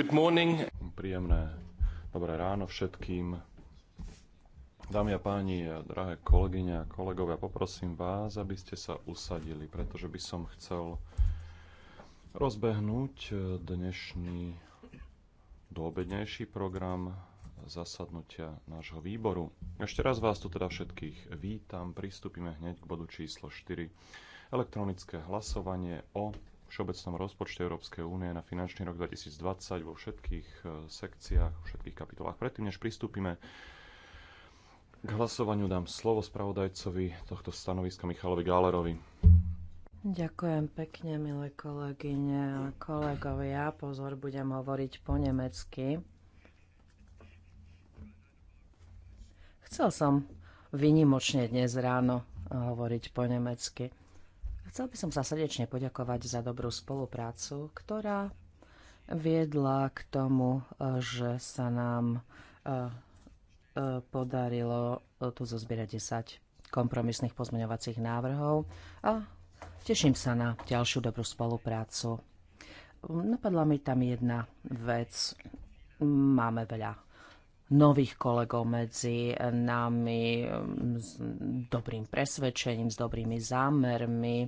Good morning. Príjemné dobré ráno všetkým. Dámy a páni, drahé kolegyne a kolegovia, poprosím vás, aby ste sa usadili, pretože by som chcel rozbehnúť dnešný doobednejší program zasadnutia nášho výboru. Ešte raz vás tu teda všetkých vítam. Pristúpime hneď k bodu číslo 4. Elektronické hlasovanie o všeobecnom rozpočte Európskej únie na finančný rok 2020 vo všetkých e, sekciách, vo všetkých kapitolách. Predtým, než pristúpime k hlasovaniu, dám slovo spravodajcovi tohto stanoviska Michalovi Gálerovi. Ďakujem pekne, milé kolegyne a kolegovia. Pozor, budem hovoriť po nemecky. Chcel som vynimočne dnes ráno hovoriť po nemecky. Chcel by som sa srdečne poďakovať za dobrú spoluprácu, ktorá viedla k tomu, že sa nám e, e, podarilo tu zozbierať 10 kompromisných pozmeňovacích návrhov a teším sa na ďalšiu dobrú spoluprácu. Napadla mi tam jedna vec. Máme veľa nových kolegov medzi nami mm, s dobrým presvedčením, s dobrými zámermi.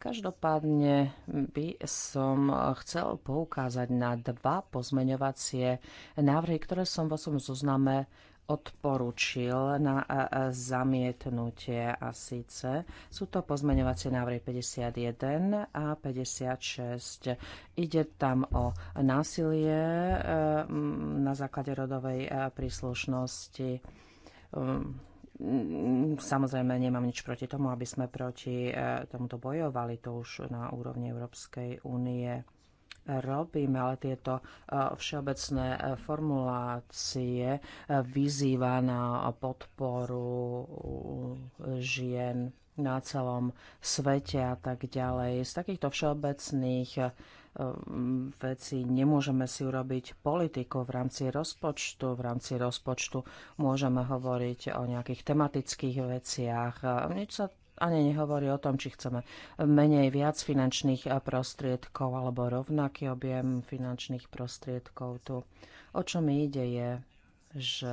Každopádne by som chcel poukázať na dva pozmeňovacie návrhy, ktoré som vo svojom zozname odporučil na e, e, zamietnutie a síce sú to pozmeňovacie návrhy 51 a 56. Ide tam o násilie e, na základe rodovej príslušnosti. Ehm, samozrejme, nemám nič proti tomu, aby sme proti tomuto bojovali, to už na úrovni Európskej únie robíme, ale tieto e, všeobecné e, formulácie e, vyzýva na podporu žien na celom svete a tak ďalej. Z takýchto všeobecných veci nemôžeme si urobiť politiku v rámci rozpočtu. V rámci rozpočtu môžeme hovoriť o nejakých tematických veciach. Nič sa ani nehovorí o tom, či chceme menej viac finančných eh, prostriedkov alebo rovnaký objem finančných prostriedkov tu. O čo mi ide je, že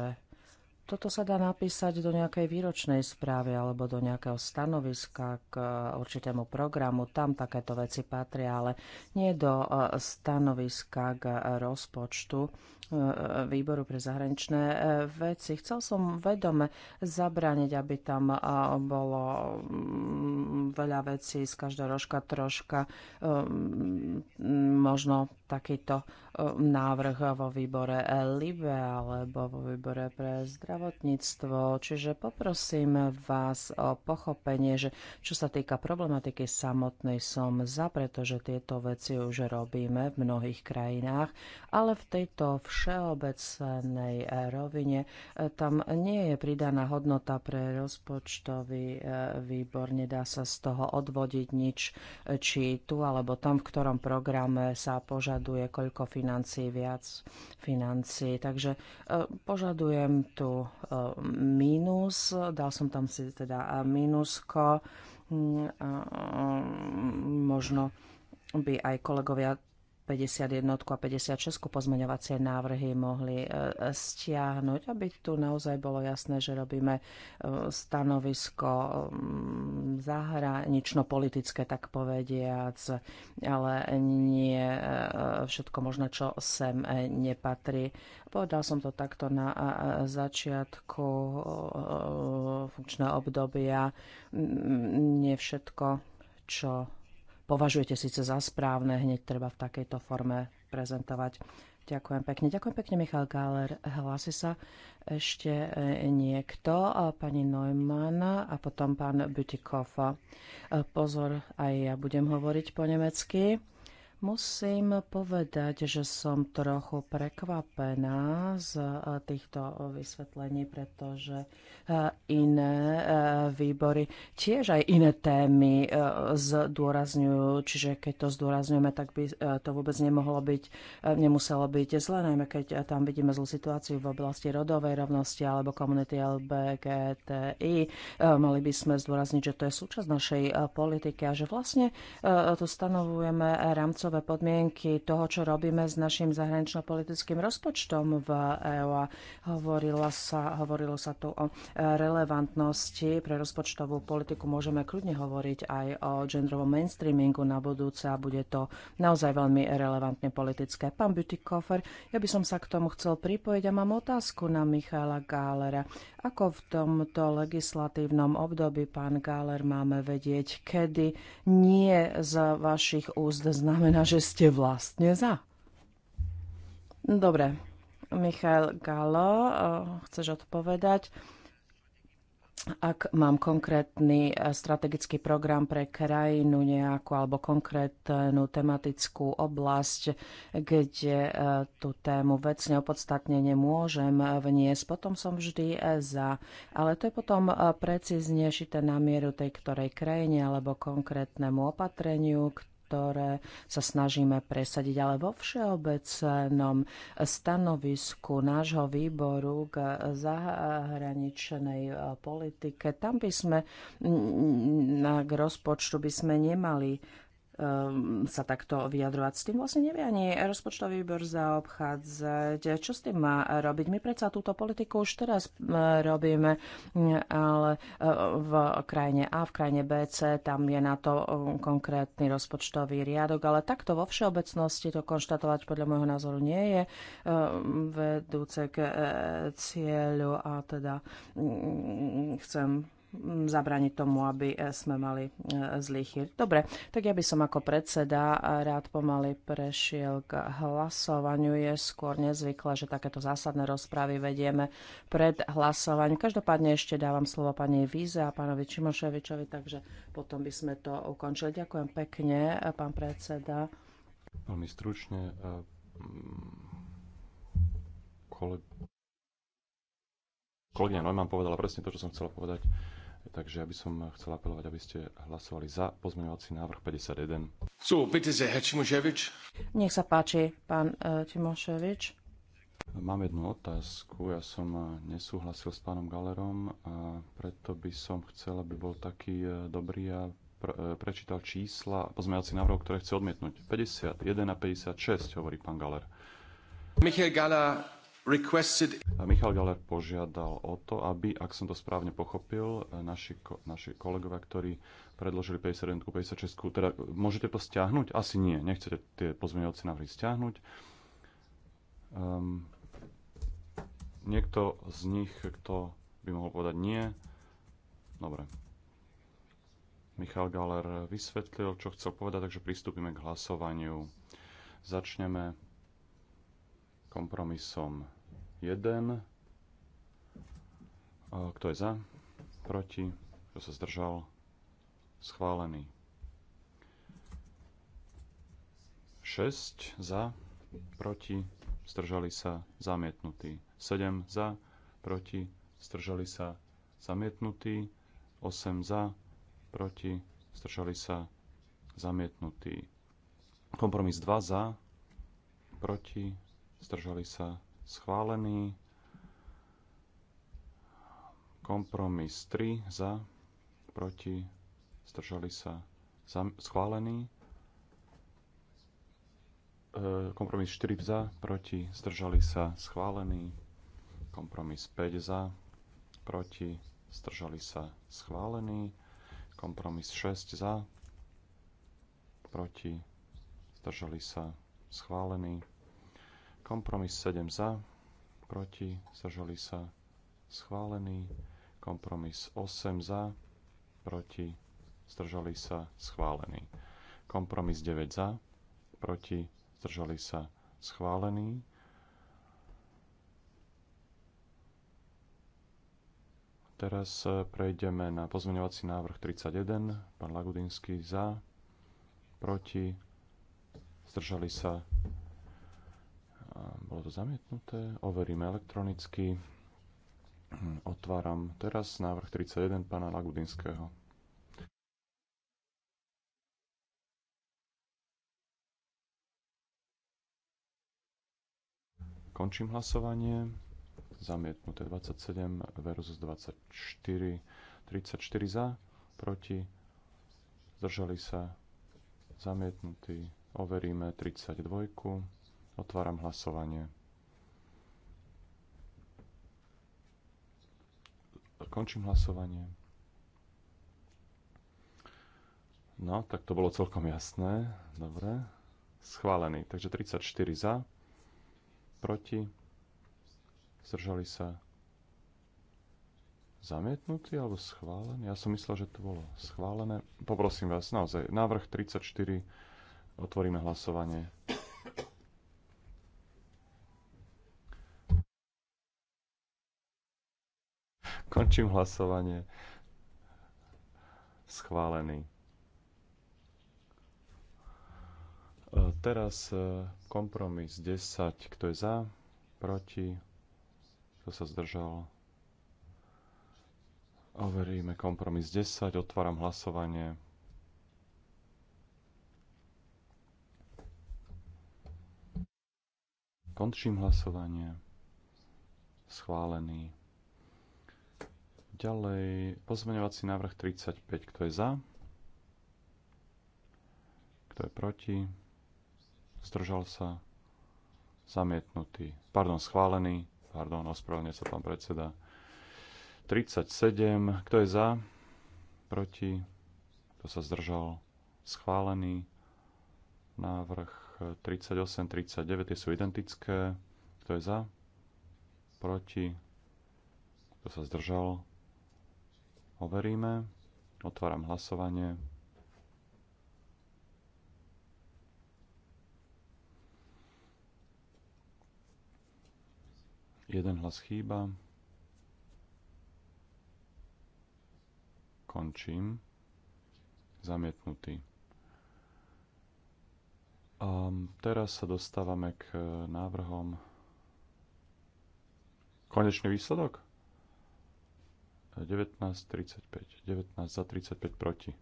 toto sa dá napísať do nejakej výročnej správy alebo do nejakého stanoviska k e, určitému programu. Tam takéto veci patria, ale nie do e, stanoviska k e, rozpočtu výboru pre zahraničné veci. Chcel som vedome zabrániť, aby tam bolo mm, veľa vecí z každého rožka troška mm, možno takýto návrh vo výbore LIBE alebo vo výbore pre zdravie zdravotníctvo. Čiže poprosím vás o pochopenie, že čo sa týka problematiky samotnej som za, pretože tieto veci už robíme v mnohých krajinách, ale v tejto všeobecnej rovine e, tam nie je pridaná hodnota pre rozpočtový e, výbor. Nedá sa z toho odvodiť nič, e, či tu alebo tam, v ktorom programe sa požaduje koľko financí, viac financí. Takže požadujem tu Minus, mínus, dal som tam si teda mínusko, možno by aj kolegovia 51 a 56 pozmeňovacie návrhy mohli e, stiahnuť, aby tu naozaj bolo jasné, že robíme e, stanovisko zahranično-politické, tak povediac, ale nie e, všetko možno, čo sem e, nepatrí. Povedal som to takto na e, začiatku funkčného obdobia. Nie všetko, čo považujete síce za správne, hneď treba v takejto forme prezentovať. Ďakujem pekne. Ďakujem pekne, Michal Gáler. Hlási sa ešte e, niekto, pani Neumann a potom pán Butikov. E, pozor, aj ja budem hovoriť po nemecky. Musím povedať, že som trochu prekvapená z e, týchto vysvetlení, pretože e, iné e, výbory tiež aj iné témy zdôrazňujú. Čiže keď to zdôrazňujeme, tak by to vôbec nemohlo byť, nemuselo byť zle, najmä keď tam vidíme zlú situáciu v oblasti rodovej rovnosti alebo komunity LBGTI. Mali by sme zdôrazniť, že to je súčasť našej politiky a že vlastne to stanovujeme rámcov rámcové podmienky toho, čo robíme s našim zahranično-politickým rozpočtom v EÚ. hovorilo sa, hovorilo sa tu o e, relevantnosti pre rozpočtovú politiku. Môžeme kľudne hovoriť aj o genderovom mainstreamingu na budúce a bude to naozaj veľmi relevantne politické. Pán Butikofer, ja by som sa k tomu chcel pripojiť a mám otázku na Michala Gálera. Ako v tomto legislatívnom období, pán Gáler, máme vedieť, kedy nie z vašich úst znamená znamená, že ste vlastne za. Dobre, Michal Galo, eh, chceš odpovedať? Ak mám konkrétny eh, strategický program pre krajinu nejakú alebo konkrétnu tematickú oblasť, kde eh, tú tému vecne opodstatne nemôžem vniesť, potom som vždy za. Ale to je potom precíznejšie na mieru tej ktorej krajine alebo konkrétnemu opatreniu, ktoré sa snažíme presadiť, ale vo všeobecnom stanovisku nášho výboru k zahraničnej e, politike, tam by sme k rozpočtu by sme nemali Ehm, sa takto vyjadrovať. S tým vlastne nevie ani rozpočtový výbor zaobchádzať. Čo s tým má robiť? My predsa túto politiku už teraz ehm, robíme, ale ehm, v krajine A, v krajine B, C, tam je na to konkrétny rozpočtový riadok, ale takto vo všeobecnosti to konštatovať podľa môjho názoru nie je vedúce k cieľu a teda chcem zabraniť tomu, aby e, sme mali e, zlý chýr. Dobre, tak ja by som ako predseda e, rád pomaly prešiel k hlasovaniu. Je skôr nezvyklé, že takéto zásadné rozpravy vedieme pred hlasovaním. Každopádne ešte dávam slovo pani Víze a pánovi Čimoševičovi, takže potom by sme to ukončili. Ďakujem pekne, pán predseda. Veľmi stručne. kolegyňa Neumann povedala presne to, čo som chcela povedať. Takže ja by som chcel apelovať, aby ste hlasovali za pozmeňovací návrh 51. Nech sa páči, pán uh, Timoševič. Mám jednu otázku. Ja som e, nesúhlasil s pánom Galerom a preto by som chcel, aby bol taký e, dobrý a prečítal čísla pozmeňovací návrhov, ktoré chce odmietnúť. 51 a 56, hovorí pán Galer. Michael Gala a Michal Galer požiadal o to, aby, ak som to správne pochopil, naši, naši kolegovia, ktorí predložili 51 56 teda môžete to stiahnuť? Asi nie, nechcete tie pozmeňovacie návrhy stiahnuť. Um, niekto z nich, kto by mohol povedať nie? Dobre. Michal Galer vysvetlil, čo chcel povedať, takže pristúpime k hlasovaniu. Začneme kompromisom 1. Kto je za? Proti? Kto sa zdržal? Schválený. 6 za, proti, zdržali sa, zamietnutý. 7 za, proti, zdržali sa, zamietnutý. 8 za, proti, zdržali sa, zamietnutý. Kompromis 2 za, proti, zdržali sa, schválený. Kompromis 3 e, za, proti, zdržali sa, schválený. Kompromis 4 za, proti, zdržali sa, schválený. Kompromis 5 za, proti, zdržali sa, schválený. Kompromis 6 za, proti, zdržali sa, schválený. Kompromis 7 za, proti, zdržali sa, schválený. Kompromis 8 za, proti, zdržali sa, schválený. Kompromis 9 za, proti, zdržali sa, schválený. Teraz e, prejdeme na pozmeňovací návrh 31. Pán Lagudinský za, proti, zdržali sa, bolo to zamietnuté. Overíme elektronicky. Otváram teraz návrh 31 pána Lagudinského. Končím hlasovanie. Zamietnuté 27 versus 24. 34 za, proti. Zdržali sa. Zamietnutý. Overíme 32. Otváram hlasovanie. Končím hlasovanie. No, tak to bolo celkom jasné. Dobre. Schválený. Takže 34 za, proti, zdržali sa zamietnutý alebo schválený? Ja som myslel, že to bolo schválené. Poprosím vás, naozaj, návrh 34, otvoríme hlasovanie. Končím hlasovanie. Schválený. E, teraz e, kompromis 10. Kto je za? Proti? Kto sa zdržal? Overíme kompromis 10. Otváram hlasovanie. Končím hlasovanie. Schválený. Ďalej, pozmeňovací návrh 35. Kto je za? Kto je proti? Zdržal sa? Zamietnutý. Pardon, schválený. Pardon, ospravedlňuje sa pán predseda. 37. Kto je za? Proti? Kto sa zdržal? Schválený. Návrh 38, 39. Tie sú identické. Kto je za? Proti? Kto sa zdržal? overíme. Otváram hlasovanie. Jeden hlas chýba. Končím. Zamietnutý. A teraz sa dostávame k návrhom. Konečný výsledok? 19, 35. 19 za 35 proti.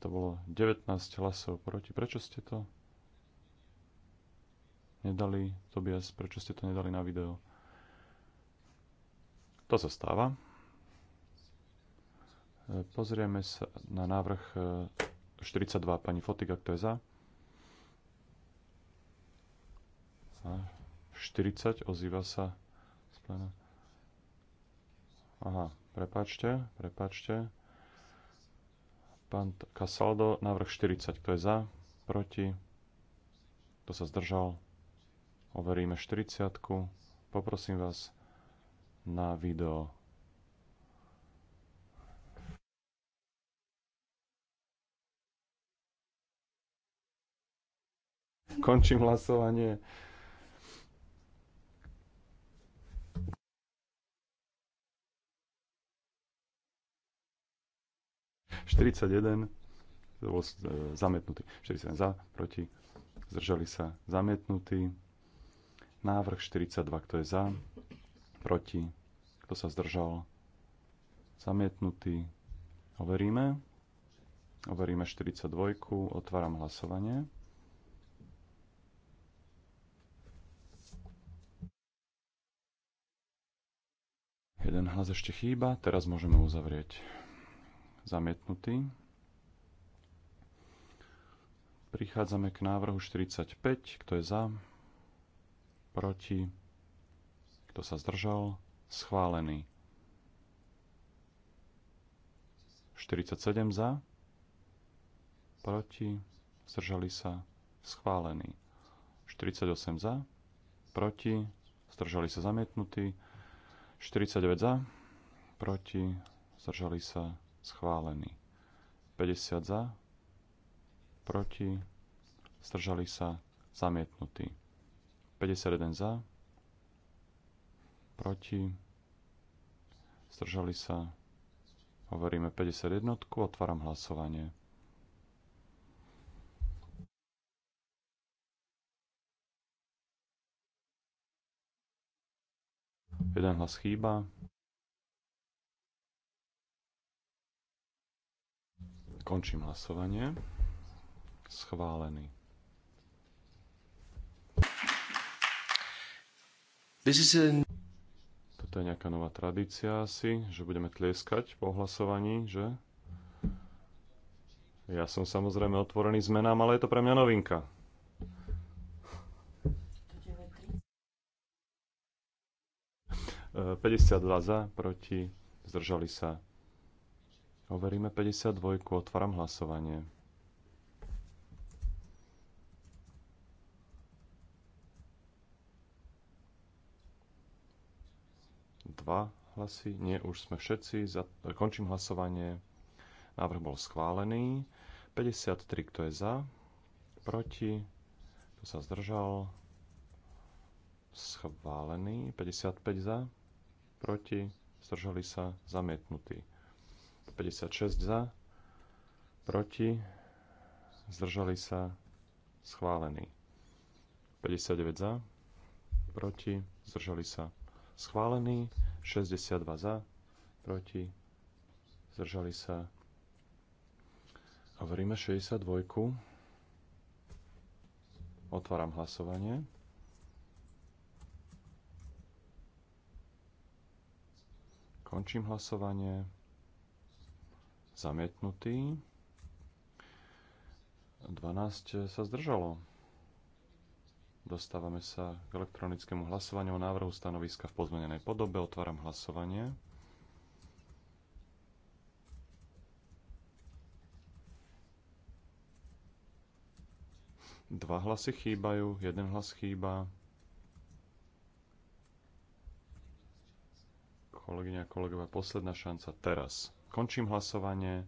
To bolo 19 hlasov proti. Prečo ste to nedali, Tobias? Prečo ste to nedali na video? To sa stáva. E, pozrieme sa na návrh 42. E, Pani Fotiga, kto je za? 40, ozýva sa pléna. No. Aha, prepačte, prepačte. Pán Casaldo, návrh 40. Kto je za? Proti? Kto sa zdržal? Overíme 40. -ku. Poprosím vás na video. Končím hlasovanie. 41 bol e, zamietnutý. 41 za, proti, zdržali sa, zamietnutý. Návrh 42, kto je za, proti, kto sa zdržal, zamietnutý. Overíme. Overíme 42, otváram hlasovanie. Jeden hlas ešte chýba, teraz môžeme uzavrieť zamietnutý. Prichádzame k návrhu 45, kto je za, proti, kto sa zdržal, schválený. 47 za, proti, zdržali sa, schválený. 48 za, proti, zdržali sa zamietnutí. 49 za, proti, zdržali sa schválený. 50 za, proti, zdržali sa, zamietnutý. 51 za, proti, zdržali sa, hovoríme 51, otváram hlasovanie. Jeden hlas chýba. Končím hlasovanie. Schválený. This is a... Toto je nejaká nová tradícia asi, že budeme tlieskať po hlasovaní, že? Ja som samozrejme otvorený zmenám, ale je to pre mňa novinka. Uh, e, 52 za, proti, zdržali sa Overíme 52. Otváram hlasovanie. Dva hlasy. Nie, už sme všetci. Za... Končím hlasovanie. Návrh bol schválený. 53, kto je za? Proti? Kto sa zdržal? Schválený. 55 za? Proti? Zdržali sa? Zamietnutý. 56 za, proti, zdržali sa, schválený. 59 za, proti, zdržali sa, schválený. 62 za, proti, zdržali sa. Hovoríme 62. Otváram hlasovanie. Končím hlasovanie. Zamietnutý. 12 sa zdržalo. Dostávame sa k elektronickému hlasovaniu o návrhu stanoviska v pozmenenej podobe. Otváram hlasovanie. Dva hlasy chýbajú, jeden hlas chýba. Kolegyňa a kolegovia, posledná šanca teraz. Končím hlasovanie.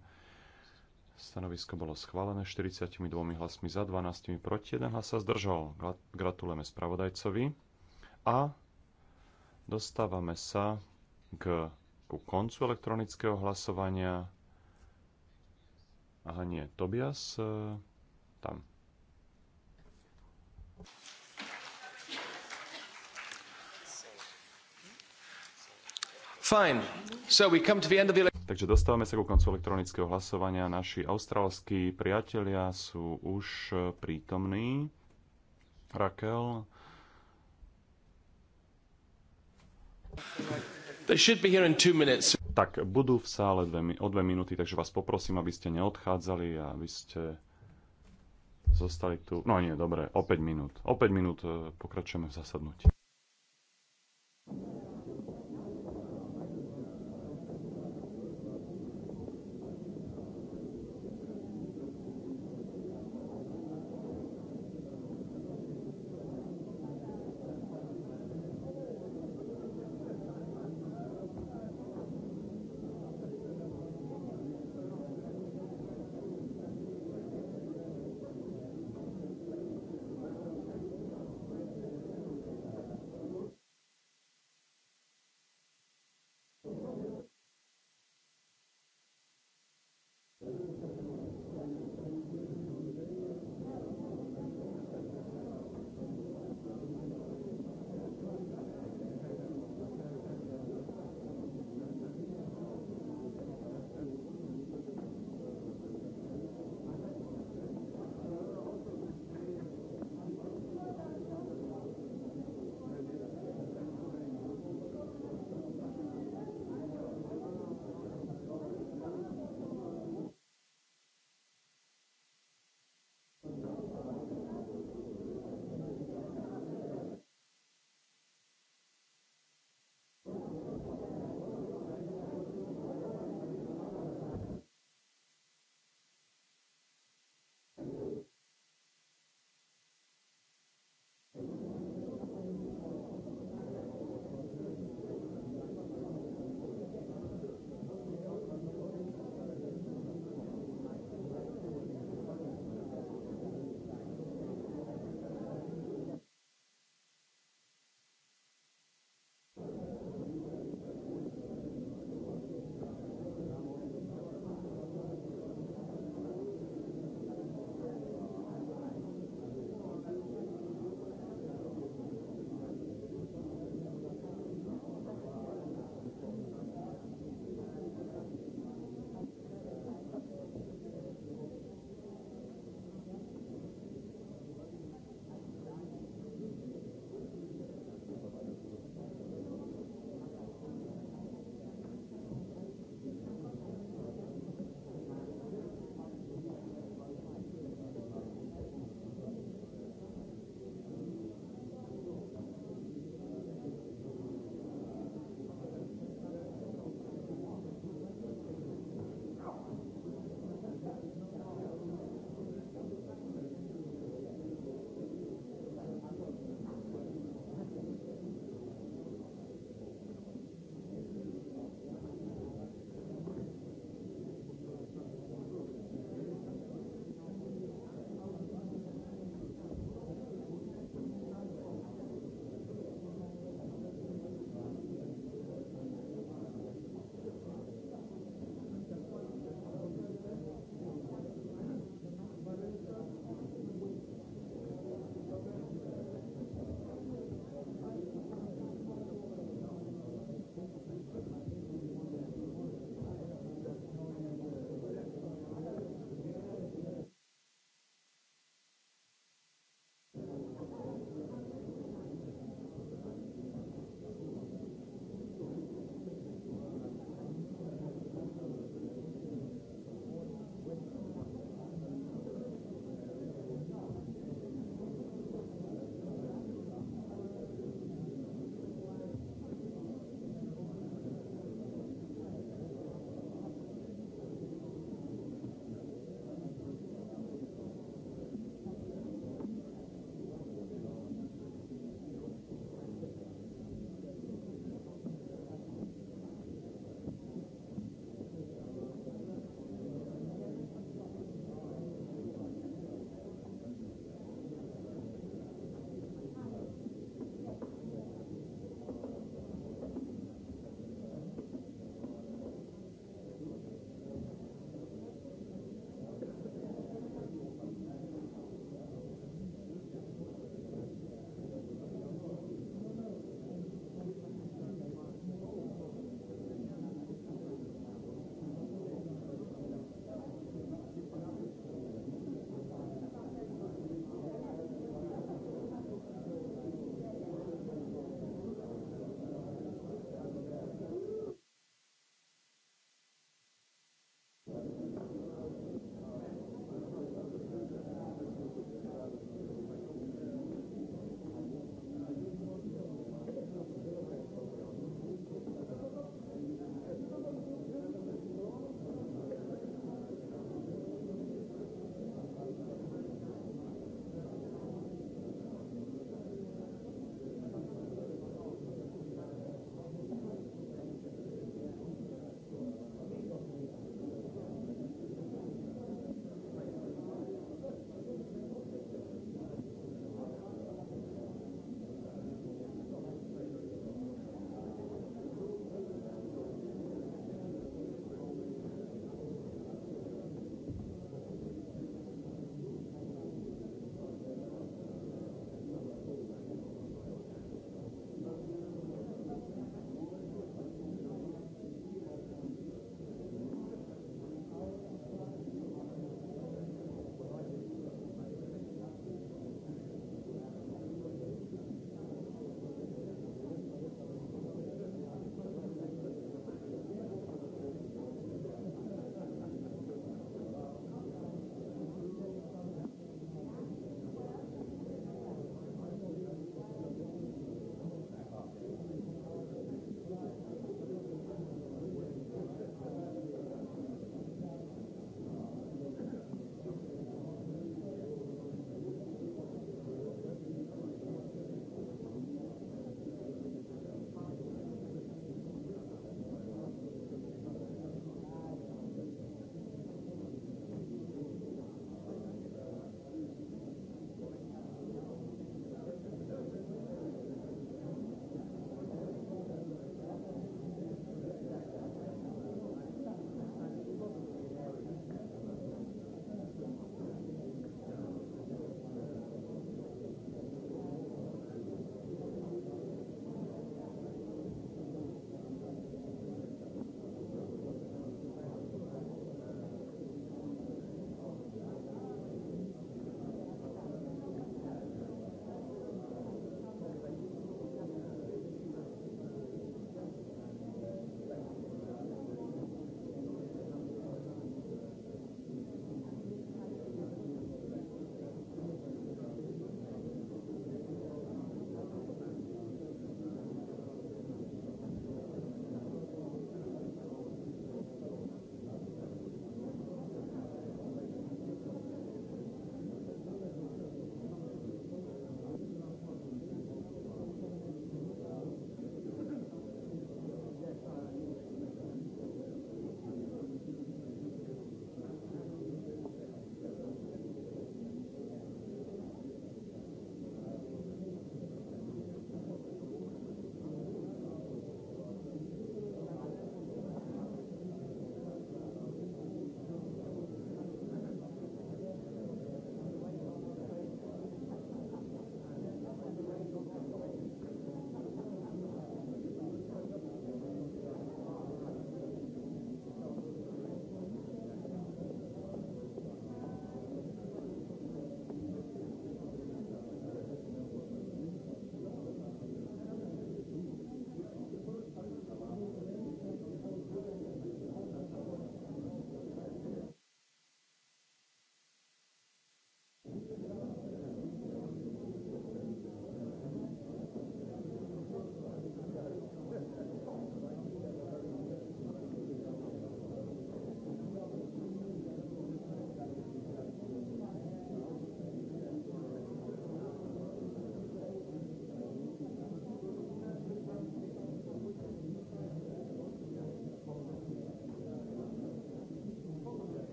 Stanovisko bolo schválené 42 hlasmi za, 12 proti, 1 hlas sa zdržal. Gratulujeme spravodajcovi. A dostávame sa k, ku koncu elektronického hlasovania. Aha, nie, Tobias, e, tam. Fine. So we come to the end of the Takže dostávame sa ku koncu elektronického hlasovania. Naši australskí priatelia sú už e, prítomní. Raquel. They should be here in two minutes. Tak budú v sále dve, o dve minúty, takže vás poprosím, aby ste neodchádzali a aby ste zostali tu. No nie, dobre, o 5 minút. O 5 minút e, pokračujeme v zasadnutí.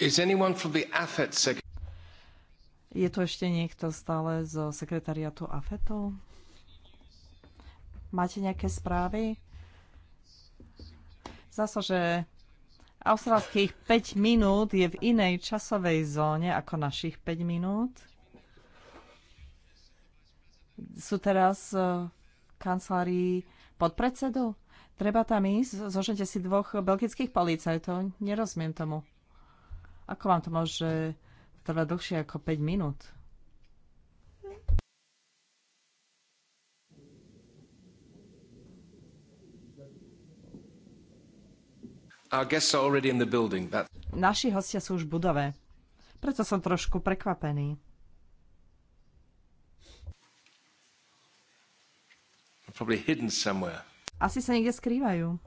Je tu ešte niekto stále zo sekretariatu AFETu? Máte nejaké správy? Zasa, že australských 5 minút je v inej časovej zóne ako našich 5 minút. Sú teraz v e, kancelárii podpredsedu? Treba tam ísť? Zožete si dvoch belgických policajtov? Nerozumiem tomu. Ako vám to môže trvať dlhšie ako 5 minút? Naši hostia sú už v budove. Preto som trošku prekvapený. Asi sa niekde skrývajú.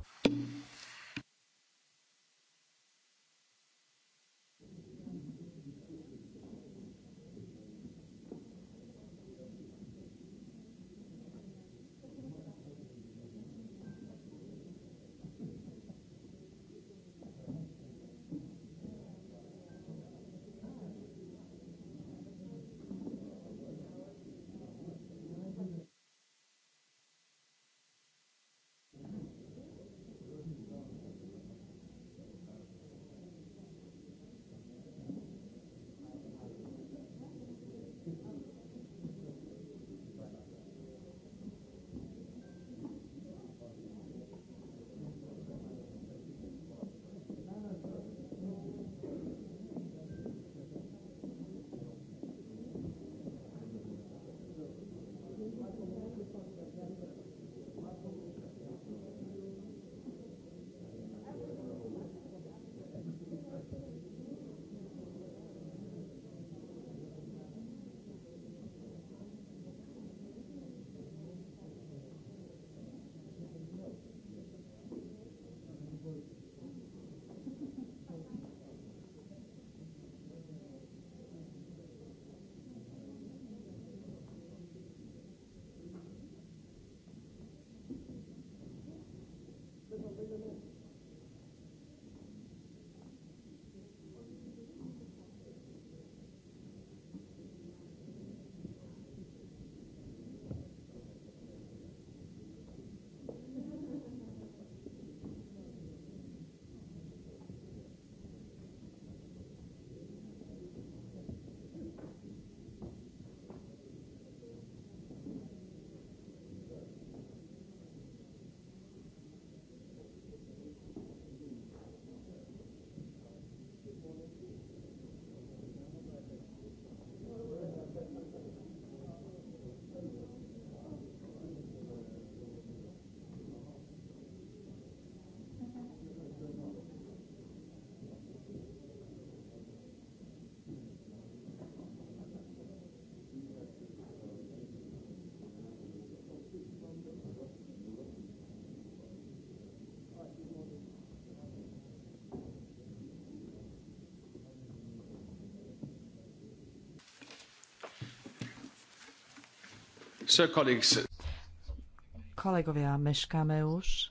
Kolegovia, meškáme už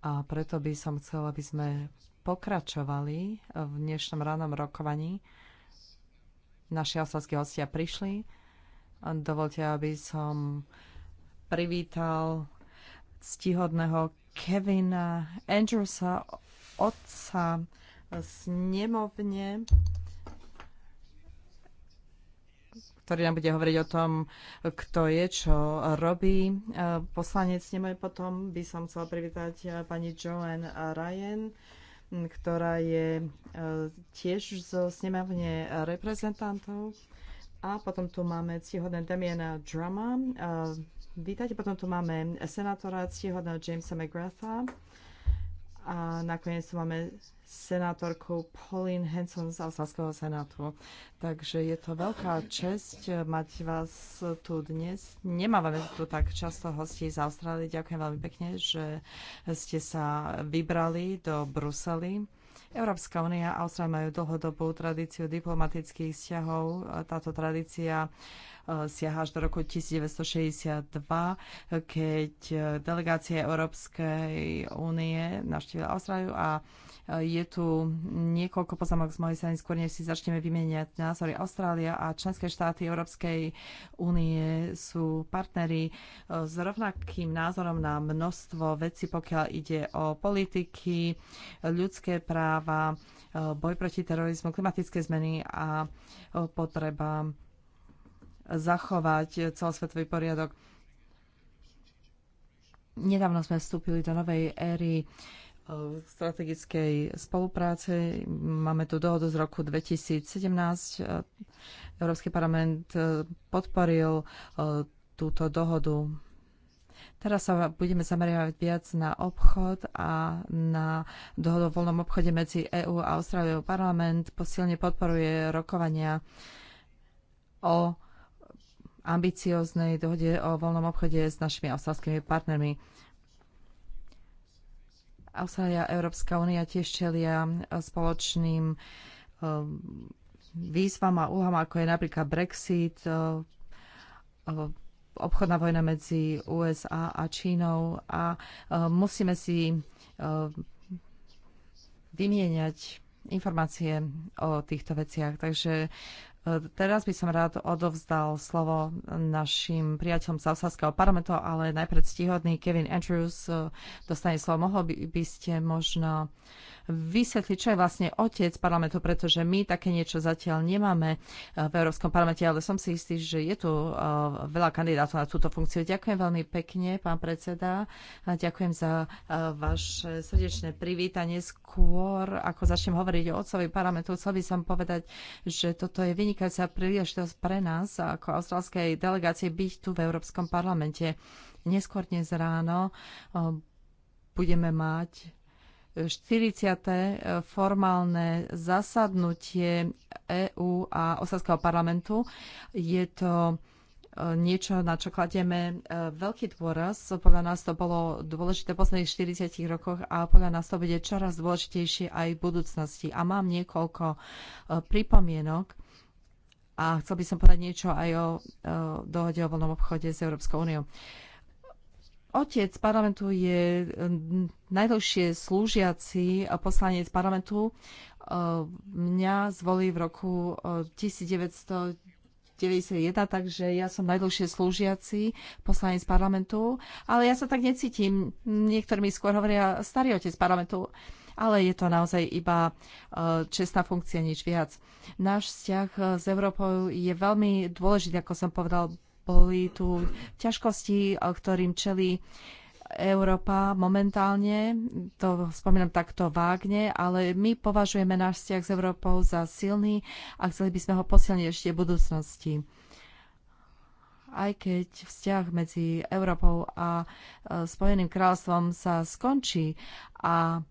a preto by som chcela, aby sme pokračovali v dnešnom ranom rokovaní. Naši oslavskí hostia prišli. Dovolte, aby som privítal ctihodného Kevina Andrewsa, otca snemovne ktorý nám bude hovoriť o tom, kto je, čo robí. E, poslanec Nemoj potom by som chcela privítať e, pani Joanne Ryan, ktorá je e, tiež zo snemavne reprezentantov. A potom tu máme cihodné Damiena Drama. Vítajte, potom tu máme senátora cihodného Jamesa McGratha a nakoniec tu máme senátorku Pauline Hanson z Alsaského senátu. Takže je to veľká čest mať vás tu dnes. Nemávame tu tak často hostí z Austrálie. Ďakujem veľmi pekne, že ste sa vybrali do Brusely Európska únia a Austrália majú dlhodobú tradíciu diplomatických vzťahov. Táto tradícia e, siaha až do roku 1962, keď e, delegácia Európskej únie navštívila Austráliu a je tu niekoľko poznámok z mojej strany, skôr než si začneme vymeniať názory. Austrália a členské štáty Európskej únie sú partnery e, s rovnakým názorom na množstvo vecí, pokiaľ ide o politiky, ľudské práva, e, boj proti terorizmu, klimatické zmeny a e, potreba zachovať celosvetový poriadok. Nedávno sme vstúpili do novej éry strategickej spolupráce. Máme tu dohodu z roku 2017. Európsky parlament e, podporil e, túto dohodu. Teraz sa budeme zameriavať viac na obchod a na dohodu o voľnom obchode medzi EÚ a Austráliou. Parlament posilne podporuje rokovania o ambicioznej dohode o voľnom obchode s našimi austrálskymi partnermi Australia a Európska únia tiež čelia spoločným eh, výzvam a úlohám, ako je napríklad Brexit, eh, eh, obchodná vojna medzi USA a Čínou a musíme si vymieňať informácie o týchto veciach. Takže Teraz by som rád odovzdal slovo našim priateľom z Avsalského parlamentu, ale najprv stíhodný Kevin Andrews e, dostane slovo. Mohol by, by ste možno vysvetliť, čo je vlastne otec parlamentu, pretože my také niečo zatiaľ nemáme e, v Európskom parlamente, ale som si istý, že je tu e, veľa kandidátov na túto funkciu. Ďakujem veľmi pekne, pán predseda. A ďakujem za vaše srdečné privítanie. Skôr, ako začnem hovoriť o otcovi parlamentu, chcel by som povedať, že toto je vynikajúce vynikajúca príležitosť pre nás ako australskej delegácie byť tu v Európskom parlamente. Neskôr dnes ráno budeme mať 40. E, formálne zasadnutie EÚ a Osadského parlamentu. Je to e, niečo, na čo kladieme e, veľký dôraz. Podľa nás to bolo dôležité v posledných 40 rokoch a podľa nás to bude čoraz dôležitejšie aj v budúcnosti. A mám niekoľko pripomienok a chcel by som povedať niečo aj o, o e, dohode o voľnom obchode s Európskou úniou. Otec parlamentu je najdlhšie slúžiaci poslanec parlamentu. E, mňa zvolí v roku 1991, e, takže ja som najdlhšie slúžiaci poslanec parlamentu, ale ja sa tak necítim. Niektorí mi skôr hovoria starý otec parlamentu ale je to naozaj iba eh, čestná funkcia, nič viac. Náš vzťah eh, s Európou je veľmi dôležitý, ako som povedal, boli tu ťažkosti, eh, ktorým čelí Európa momentálne, to spomínam takto vágne, ale my považujeme náš vzťah s Európou za silný a chceli by sme ho posilniť ešte v budúcnosti. Aj keď vzťah medzi Európou a Spojeným kráľstvom sa skončí a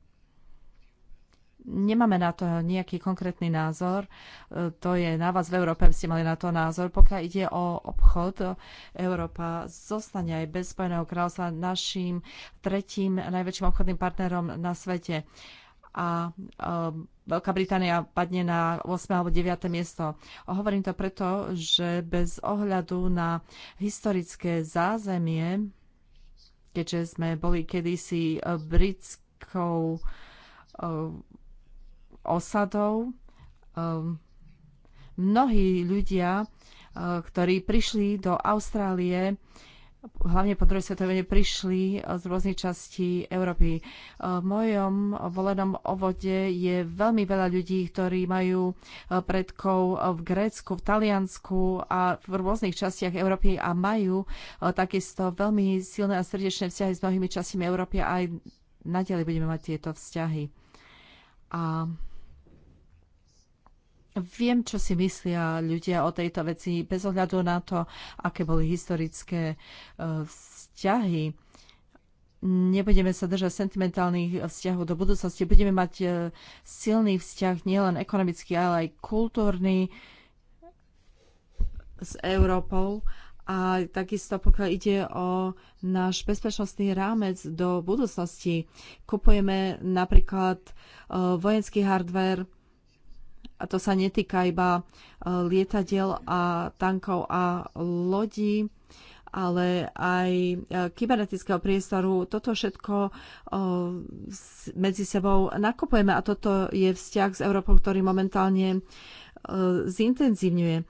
Nemáme na to nejaký konkrétny názor. E, to je na vás v Európe, ste mali na to názor. Pokiaľ ide o obchod, e, Európa zostane aj bez Spojeného kráľovstva našim tretím najväčším obchodným partnerom na svete a e, Veľká Británia padne na 8. alebo 9. miesto. Hovorím to preto, že bez ohľadu na historické zázemie, keďže sme boli kedysi britskou osadou. Ehm, mnohí ľudia, eh, ktorí prišli do Austrálie, hlavne po druhej svetovej prišli eh, z rôznych častí Európy. Eh, v mojom volenom ovode je veľmi veľa ľudí, ktorí majú predkov v Grécku, v Taliansku a v rôznych častiach Európy a majú takisto veľmi silné a srdečné vzťahy s mnohými častiami Európy a aj naďalej budeme mať tieto vzťahy. A Viem, čo si myslia ľudia o tejto veci bez ohľadu na to, aké boli historické e, vzťahy. Nebudeme sa držať sentimentálnych vzťahov do budúcnosti. Budeme mať e, silný vzťah nielen ekonomický, ale aj kultúrny s Európou. A takisto pokiaľ ide o náš bezpečnostný rámec do budúcnosti, kupujeme napríklad e, vojenský hardware, a to sa netýka iba e, lietadiel a tankov a lodí, ale aj e, kybernetického priestoru. Toto všetko e, medzi sebou nakupujeme a toto je vzťah s Európou, ktorý momentálne zintenzívňuje.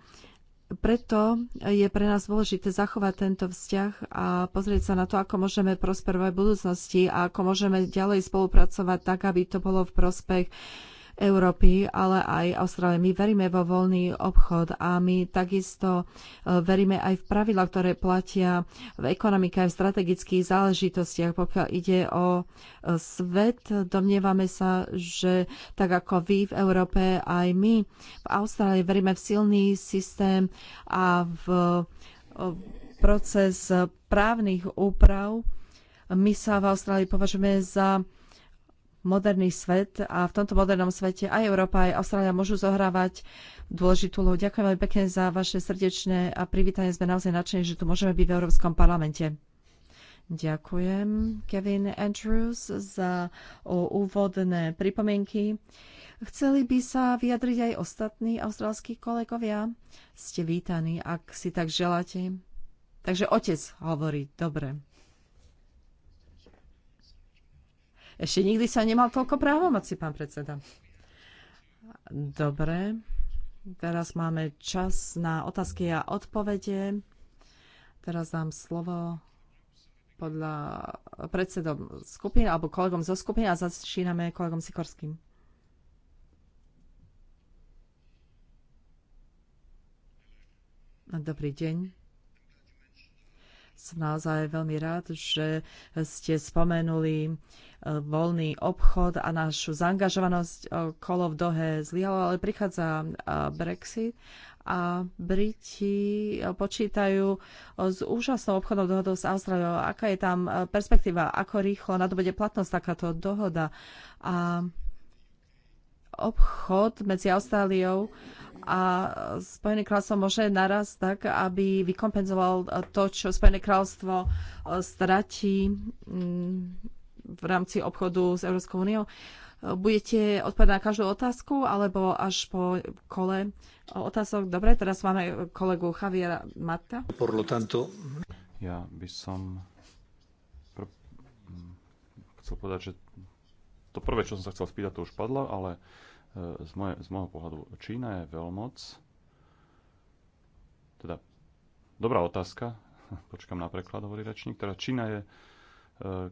Preto je pre nás dôležité zachovať tento vzťah a pozrieť sa na to, ako môžeme prosperovať v budúcnosti a ako môžeme ďalej spolupracovať tak, aby to bolo v prospech uh, Európy, ale aj Austrálie. My veríme vo voľný obchod a my takisto e, veríme aj v pravidla, ktoré platia v ekonomike aj v strategických záležitostiach. Pokiaľ ide o e, svet, domnievame sa, že tak ako vy v Európe, aj my v Austrálii veríme v silný systém a v e, proces právnych úprav. My sa v Austrálii považujeme za moderný svet a v tomto modernom svete aj Európa, aj Austrália môžu zohrávať dôležitú úlohu. Ďakujem veľmi pekne za vaše srdečné a privítanie. Sme naozaj nadšení, že tu môžeme byť v Európskom parlamente. Ďakujem Kevin Andrews za úvodné pripomienky. Chceli by sa vyjadriť aj ostatní austrálsky kolegovia? Ste vítaní, ak si tak želáte. Takže otec hovorí, dobre. Ešte nikdy sa nemal toľko právomoci, pán predseda. Dobre. Teraz máme čas na otázky a odpovede. Teraz dám slovo podľa predsedom skupín alebo kolegom zo skupín a začíname kolegom Sikorským. Dobrý deň som naozaj veľmi rád, že ste spomenuli e, voľný obchod a našu zaangažovanosť. E, kolo v Dohe zlyhalo, ale prichádza e, Brexit a Briti počítajú s úžasnou obchodnou dohodou s Austráliou. Aká je tam perspektíva? Ako rýchlo na to bude platnosť takáto dohoda? A obchod medzi Austráliou a Spojené kráľstvom môže naraz tak, aby vykompenzoval to, čo Spojené kráľstvo e, stratí mm, v rámci obchodu s Európskou úniou. E, budete odpovedať na každú otázku, alebo až po kole otázok? Dobre, teraz máme kolegu Javiera Marta. Ja by som pr- mm, chcel povedať, že to prvé, čo som sa chcel spýtať, to už padlo, ale uh, E, z, moje, z môjho pohľadu Čína je veľmoc. Teda dobrá otázka, počkam na preklad, hovorí rečník. Teda Čína je e,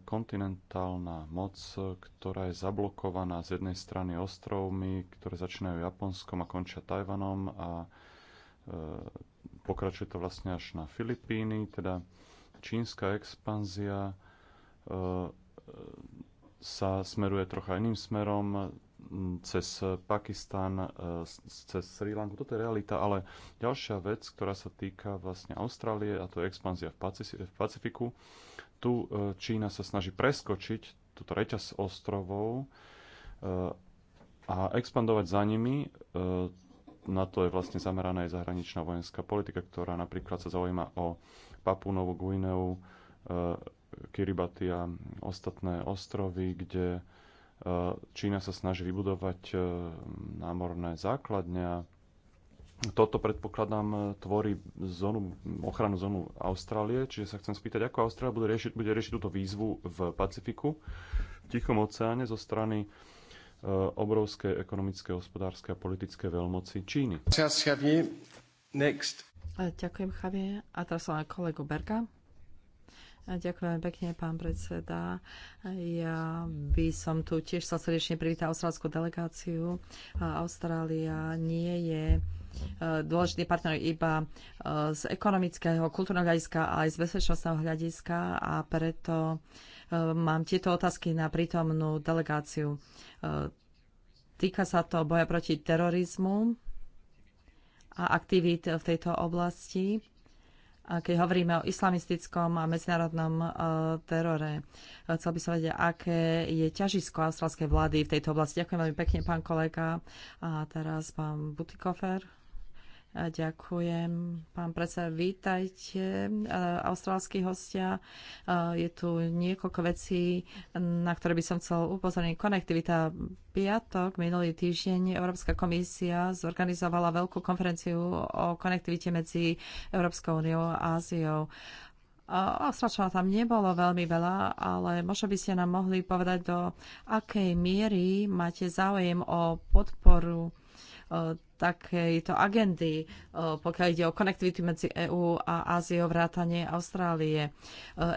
kontinentálna moc, ktorá je zablokovaná z jednej strany ostrovmi, ktoré začínajú Japonskom a končia Tajvanom a e, pokračuje to vlastne až na Filipíny, teda čínska expanzia e, e sa smeruje trocha iným smerom, cez Pakistan, e, cez Sri Lanku. Toto je realita, ale ďalšia vec, ktorá sa týka vlastne Austrálie, a to je expanzia v Pacifiku. Tu e, Čína sa snaží preskočiť túto reťaz ostrovov e, a expandovať za nimi. Na to je vlastne zameraná aj zahraničná vojenská politika, ktorá napríklad sa zaujíma o Papu Novú Guineu, Kiribati a ostatné ostrovy, kde Čína sa snaží vybudovať e, námorné základne a toto predpokladám tvorí zónu, ochranu zónu Austrálie, čiže sa chcem spýtať, ako Austrália bude riešiť, bude riešiť túto výzvu v Pacifiku, v Tichom oceáne zo strany e, obrovskej ekonomické, hospodárske a politické veľmoci Číny. E, ďakujem, Javier. A teraz na kolegu Berga. Ďakujem pekne, pán predseda. Ja by som tu tiež sa srdečne privítala austrálskú delegáciu. Austrália nie je e, dôležitý partner iba e, z ekonomického, kultúrneho hľadiska, ale aj z bezpečnostného hľadiska a preto e, mám tieto otázky na prítomnú delegáciu. Týka sa to boja proti terorizmu a aktivít v tejto oblasti keď hovoríme o islamistickom a medzinárodnom e, terore. E, chcel by som vedieť, aké je ťažisko austrálskej vlády v tejto oblasti. Ďakujem veľmi pekne, pán kolega. A teraz pán Butikofer. Ďakujem, pán predseda. Vítajte, e, austrálsky hostia. E, je tu niekoľko vecí, na ktoré by som chcel upozorniť. Konektivita. Piatok, minulý týždeň, Európska komisia zorganizovala veľkú konferenciu o konektivite medzi Európskou úniou a Áziou. Ostračova tam nebolo veľmi veľa, ale možno by ste nám mohli povedať, do akej miery máte záujem o podporu e, takejto agendy, e, pokiaľ ide o konektivitu medzi EÚ a Áziou, vrátanie Austrálie. E,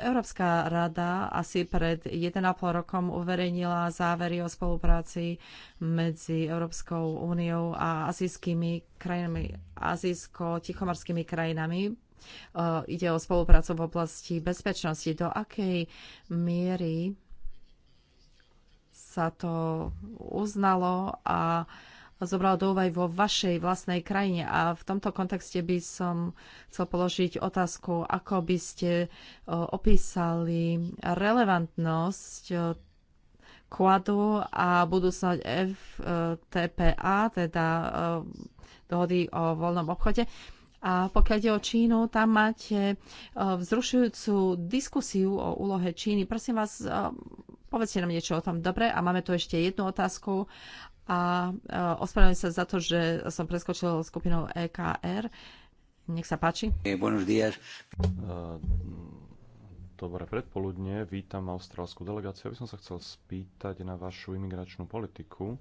Európska rada asi pred 1,5 rokom uverejnila závery o spolupráci medzi Európskou úniou a azijskými krajinami, azijsko-tichomorskými krajinami. E, ide o spoluprácu v oblasti bezpečnosti. Do akej miery sa to uznalo a uh, zobral do úvahy vo vašej vlastnej krajine. A v tomto kontexte by som chcel položiť otázku, ako by ste e, opísali relevantnosť e, kladu a budúcnosť FTPA, teda e, dohody o voľnom obchode. A pokiaľ ide o Čínu, tam máte vzrušujúcu diskusiu o úlohe Číny. Prosím vás, povedzte nám niečo o tom. Dobre, a máme tu ešte jednu otázku a e, ospravedlňujem sa za to, že som preskočil skupinou EKR. Nech sa páči. Eh, buenos días. E, Dobre, predpoludne vítam austrálsku delegáciu. Ja by som sa chcel spýtať na vašu imigračnú politiku, e,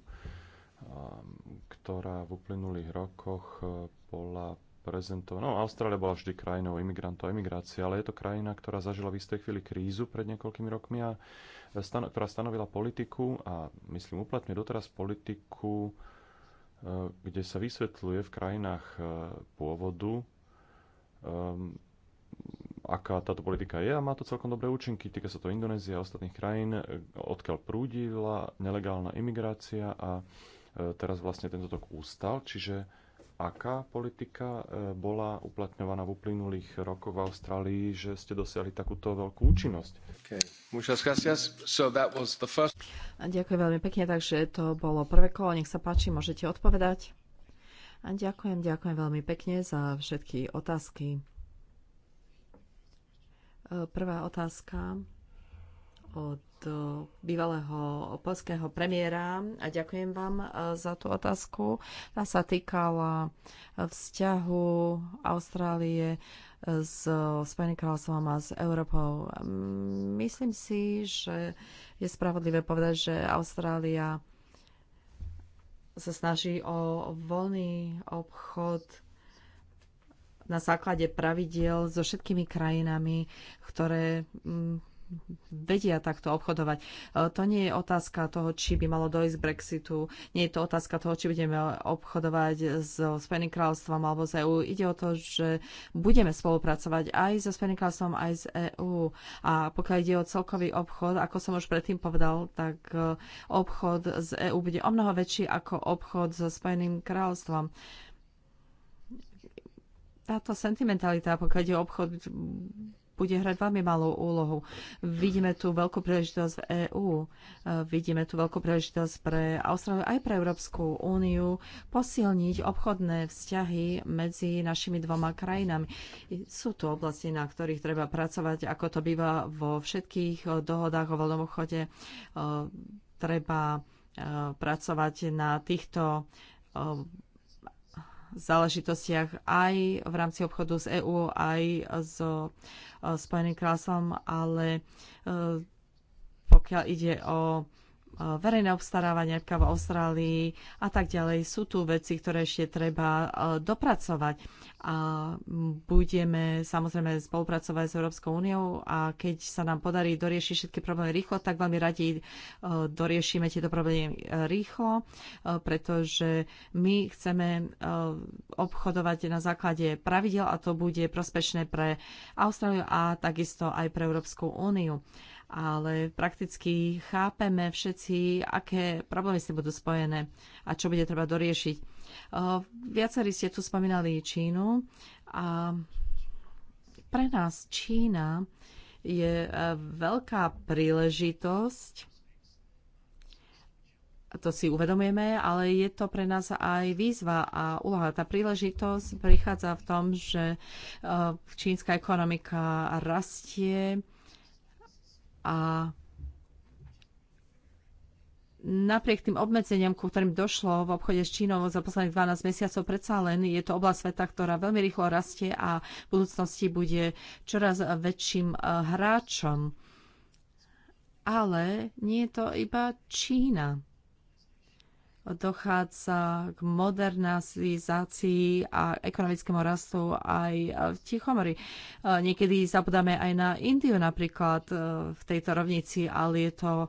ktorá v uplynulých rokoch bola prezentovať. No, Austrália bola vždy krajinou imigrantov a imigrácie, ale je to krajina, ktorá zažila v istej chvíli krízu pred niekoľkými rokmi a stano, ktorá stanovila politiku a myslím uplatňuje doteraz politiku, e, kde sa vysvetľuje v krajinách e, pôvodu, ehm, aká táto politika je a má to celkom dobré účinky. Týka sa to Indonézie a ostatných krajín, e, odkiaľ prúdila nelegálna imigrácia a teraz vlastne tento tok ústal, čiže aká politika e, bola uplatňovaná v uplynulých rokoch v Austrálii, že ste dosiahli takúto veľkú účinnosť. Okay. So first... Ďakujem veľmi pekne, takže to bolo prvé kolo. Nech sa páči, môžete odpovedať. A ďakujem, ďakujem veľmi pekne za všetky otázky. E, prvá otázka od e, bývalého polského premiéra a ďakujem vám e, za tú otázku. Tá sa týkala e, vzťahu Austrálie s Spojeným kráľovstvom a s Európou. Myslím si, že je spravodlivé povedať, že Austrália sa snaží o voľný obchod na základe pravidiel so všetkými krajinami, ktoré vedia takto obchodovať. E, to nie je otázka toho, či by malo dojsť Brexitu, nie je to otázka toho, či budeme obchodovať s Spojeným kráľstvom alebo z EÚ. Ide o to, že budeme spolupracovať aj so Spojeným kráľstvom, aj z EÚ. A pokiaľ ide o celkový obchod, ako som už predtým povedal, tak e, obchod z EÚ bude o mnoho väčší ako obchod so Spojeným kráľovstvom táto sentimentalita, pokiaľ ide obchod, bude hrať veľmi malú úlohu. Vidíme tu veľkú príležitosť v EÚ, e, vidíme tu veľkú príležitosť pre Austráliu aj pre Európsku úniu posilniť obchodné vzťahy medzi našimi dvoma krajinami. Sú tu oblasti, na ktorých treba pracovať, ako to býva vo všetkých dohodách o voľnom obchode. E, treba e, pracovať na týchto záležitostiach aj v rámci obchodu z EÚ, aj so Spojeným krásom, ale eh, pokiaľ ide o E, verejné obstarávanie v Austrálii a tak ďalej. Sú tu veci, ktoré ešte treba e, dopracovať. A budeme samozrejme spolupracovať s Európskou úniou a keď sa nám podarí doriešiť všetky problémy rýchlo, tak veľmi radi e, doriešime tieto problémy rýchlo, pretože my chceme obchodovať na základe pravidel a to bude prospešné pre Austráliu a takisto aj pre Európsku úniu ale prakticky chápeme všetci, aké problémy s tým budú spojené a čo bude treba doriešiť. Viacerí ste tu spomínali Čínu a pre nás Čína je e, veľká príležitosť, to si uvedomujeme, ale je to pre nás aj výzva a úloha. Tá príležitosť prichádza v tom, že e, čínska ekonomika rastie, a napriek tým obmedzeniam, ku ktorým došlo v obchode s Čínou za posledných 12 mesiacov, predsa len je to oblasť sveta, ktorá veľmi rýchlo rastie a v budúcnosti bude čoraz väčším eh, hráčom. Ale nie je to iba Čína dochádza k modernizácii a ekonomickému rastu aj v Tichomori. E, niekedy zabudáme aj na Indiu napríklad e, v tejto rovnici, ale je to e,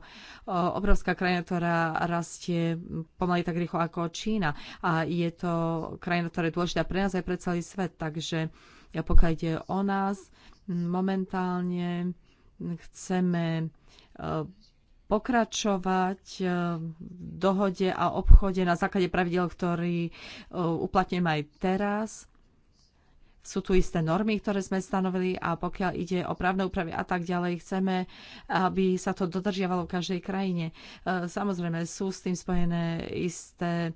obrovská krajina, ktorá rastie pomaly tak rýchlo ako Čína. A je to krajina, ktorá je dôležitá pre nás aj pre celý svet. Takže pokiaľ ide o nás, momentálne chceme pokračovať eh, v dohode a obchode na základe pravidel, ktorý eh, uplatňujem aj teraz sú tu isté normy, ktoré sme stanovili a pokiaľ ide o právne úpravy a tak ďalej, chceme, aby sa to dodržiavalo v každej krajine. E, samozrejme, sú s tým spojené isté e,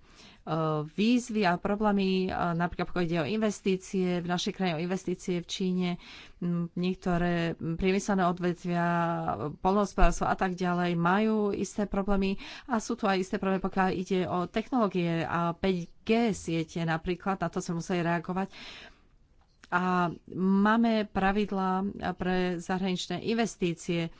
výzvy a problémy, e, napríklad pokiaľ ide o investície, v našej krajine o investície v Číne, niektoré priemyselné odvetvia, polnohospodárstvo a tak ďalej majú isté problémy a sú tu aj isté problémy, pokiaľ ide o technológie a 5G siete napríklad, na to sme museli reagovať a máme pravidlá pre zahraničné investície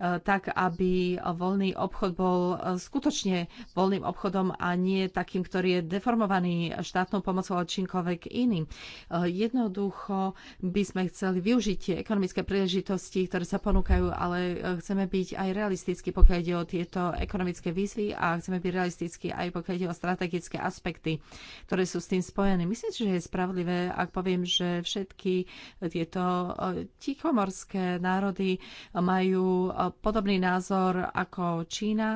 tak, aby voľný obchod bol e, skutočne voľným obchodom a nie takým, ktorý je deformovaný štátnou pomocou od činkovek iným. E, jednoducho by sme chceli využiť tie ekonomické príležitosti, ktoré sa ponúkajú, ale e, chceme byť aj realistickí, pokiaľ ide o tieto ekonomické výzvy a chceme byť realistickí aj pokiaľ ide o strategické aspekty, ktoré sú s tým spojené. Myslím, že je spravodlivé, ak poviem, že všetky tieto tichomorské národy majú podobný názor ako Čína,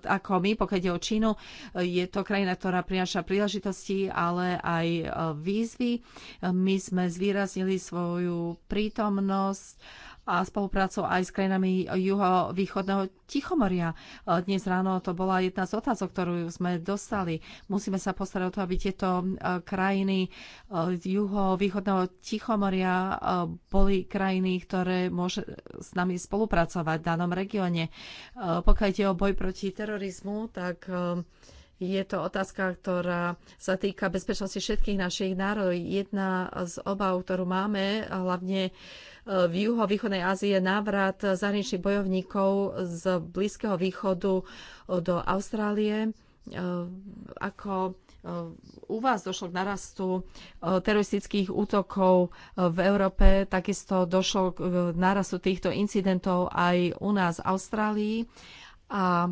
eh, ako my, pokiaľ ide o Čínu. Je to krajina, ktorá prináša príležitosti, ale aj eh, výzvy. My sme zvýraznili svoju prítomnosť a spoluprácou aj s krajinami juho-východného Tichomoria. Dnes ráno to bola jedna z otázok, ktorú sme dostali. Musíme sa postarať o to, aby tieto e, krajiny e, juho-východného Tichomoria e, boli krajiny, ktoré môžu s nami spolupracovať v danom regióne. Pokiaľ ide o boj proti terorizmu, tak je to otázka, ktorá sa týka bezpečnosti všetkých našich národov. Jedna z obav, ktorú máme, hlavne v juho-východnej Ázie návrat zahraničných bojovníkov z Blízkeho východu eh, do Austrálie. Eh, ako eh, u vás došlo k narastu teroristických útokov v Európe, takisto došlo k narastu týchto incidentov aj u nás v Austrálii. A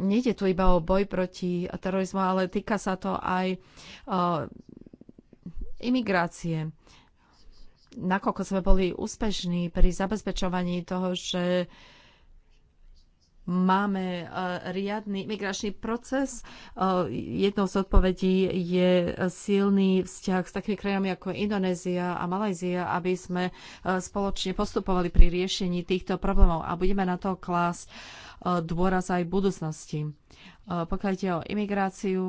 nejde tu iba o boj proti terorizmu, ale týka sa to aj imigrácie nakoľko sme boli úspešní pri zabezpečovaní toho, že máme e, riadny migračný proces. E, jednou z odpovedí je silný vzťah s takými krajami ako Indonézia a Malajzia, aby sme e, spoločne postupovali pri riešení týchto problémov a budeme na to klásť dôraz aj v budúcnosti. Pokiaľ ide o imigráciu,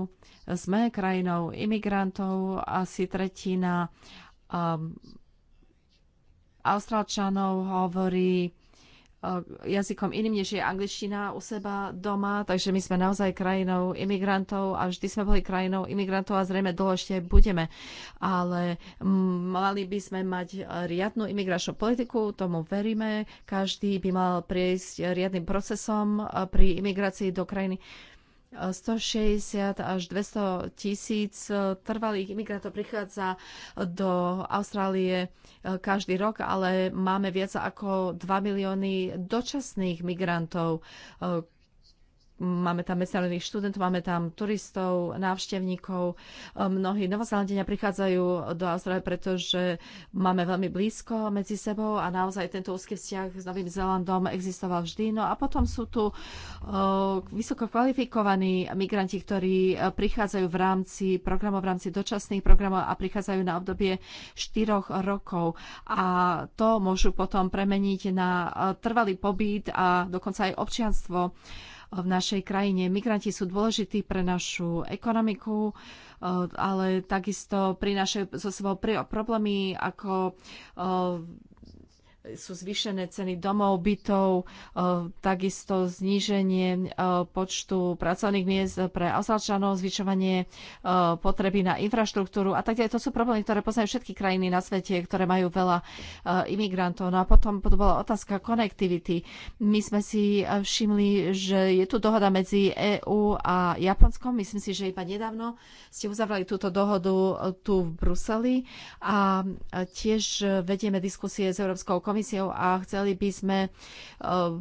sme krajinou imigrantov, asi tretina Austrálčanov hovorí eh, jazykom iným, než je angličtina u seba doma, takže my sme naozaj krajinou imigrantov a vždy sme boli krajinou imigrantov a zrejme dlho ešte budeme. Ale mm, mali by sme mať eh, riadnu imigračnú politiku, tomu veríme. Každý by mal prejsť eh, riadnym procesom pri imigrácii do krajiny 160 až 200 tisíc e, trvalých imigrantov prichádza do Austrálie e, každý rok, ale máme viac ako 2 milióny dočasných migrantov, e, máme tam medzinárodných študentov, máme tam turistov, návštevníkov. E, mnohí novozelandenia prichádzajú do Austrálie, pretože máme veľmi blízko medzi sebou a naozaj tento úzky vzťah s Novým Zelandom existoval vždy. No a potom sú tu e, vysoko kvalifikovaní migranti, ktorí e, prichádzajú v rámci programov, v rámci dočasných programov a prichádzajú na obdobie 4 rokov. A to môžu potom premeniť na trvalý pobyt a dokonca aj občianstvo v našej krajine. Migranti sú dôležití pre našu ekonomiku, e, ale takisto prinášajú so sebou problémy ako e, sú zvýšené ceny domov, bytov, e, takisto zníženie e, počtu pracovných miest pre osalčanov, zvyšovanie e, potreby na infraštruktúru a tak ďalej. To sú problémy, ktoré poznajú všetky krajiny na svete, ktoré majú veľa imigrantov. No a potom to bola otázka konektivity. My sme si všimli, že je tu dohoda medzi EÚ a Japonskom. Myslím si, že iba nedávno ste uzavrali túto dohodu tu v Bruseli a tiež vedieme diskusie s Európskou komisiou a chceli by sme e,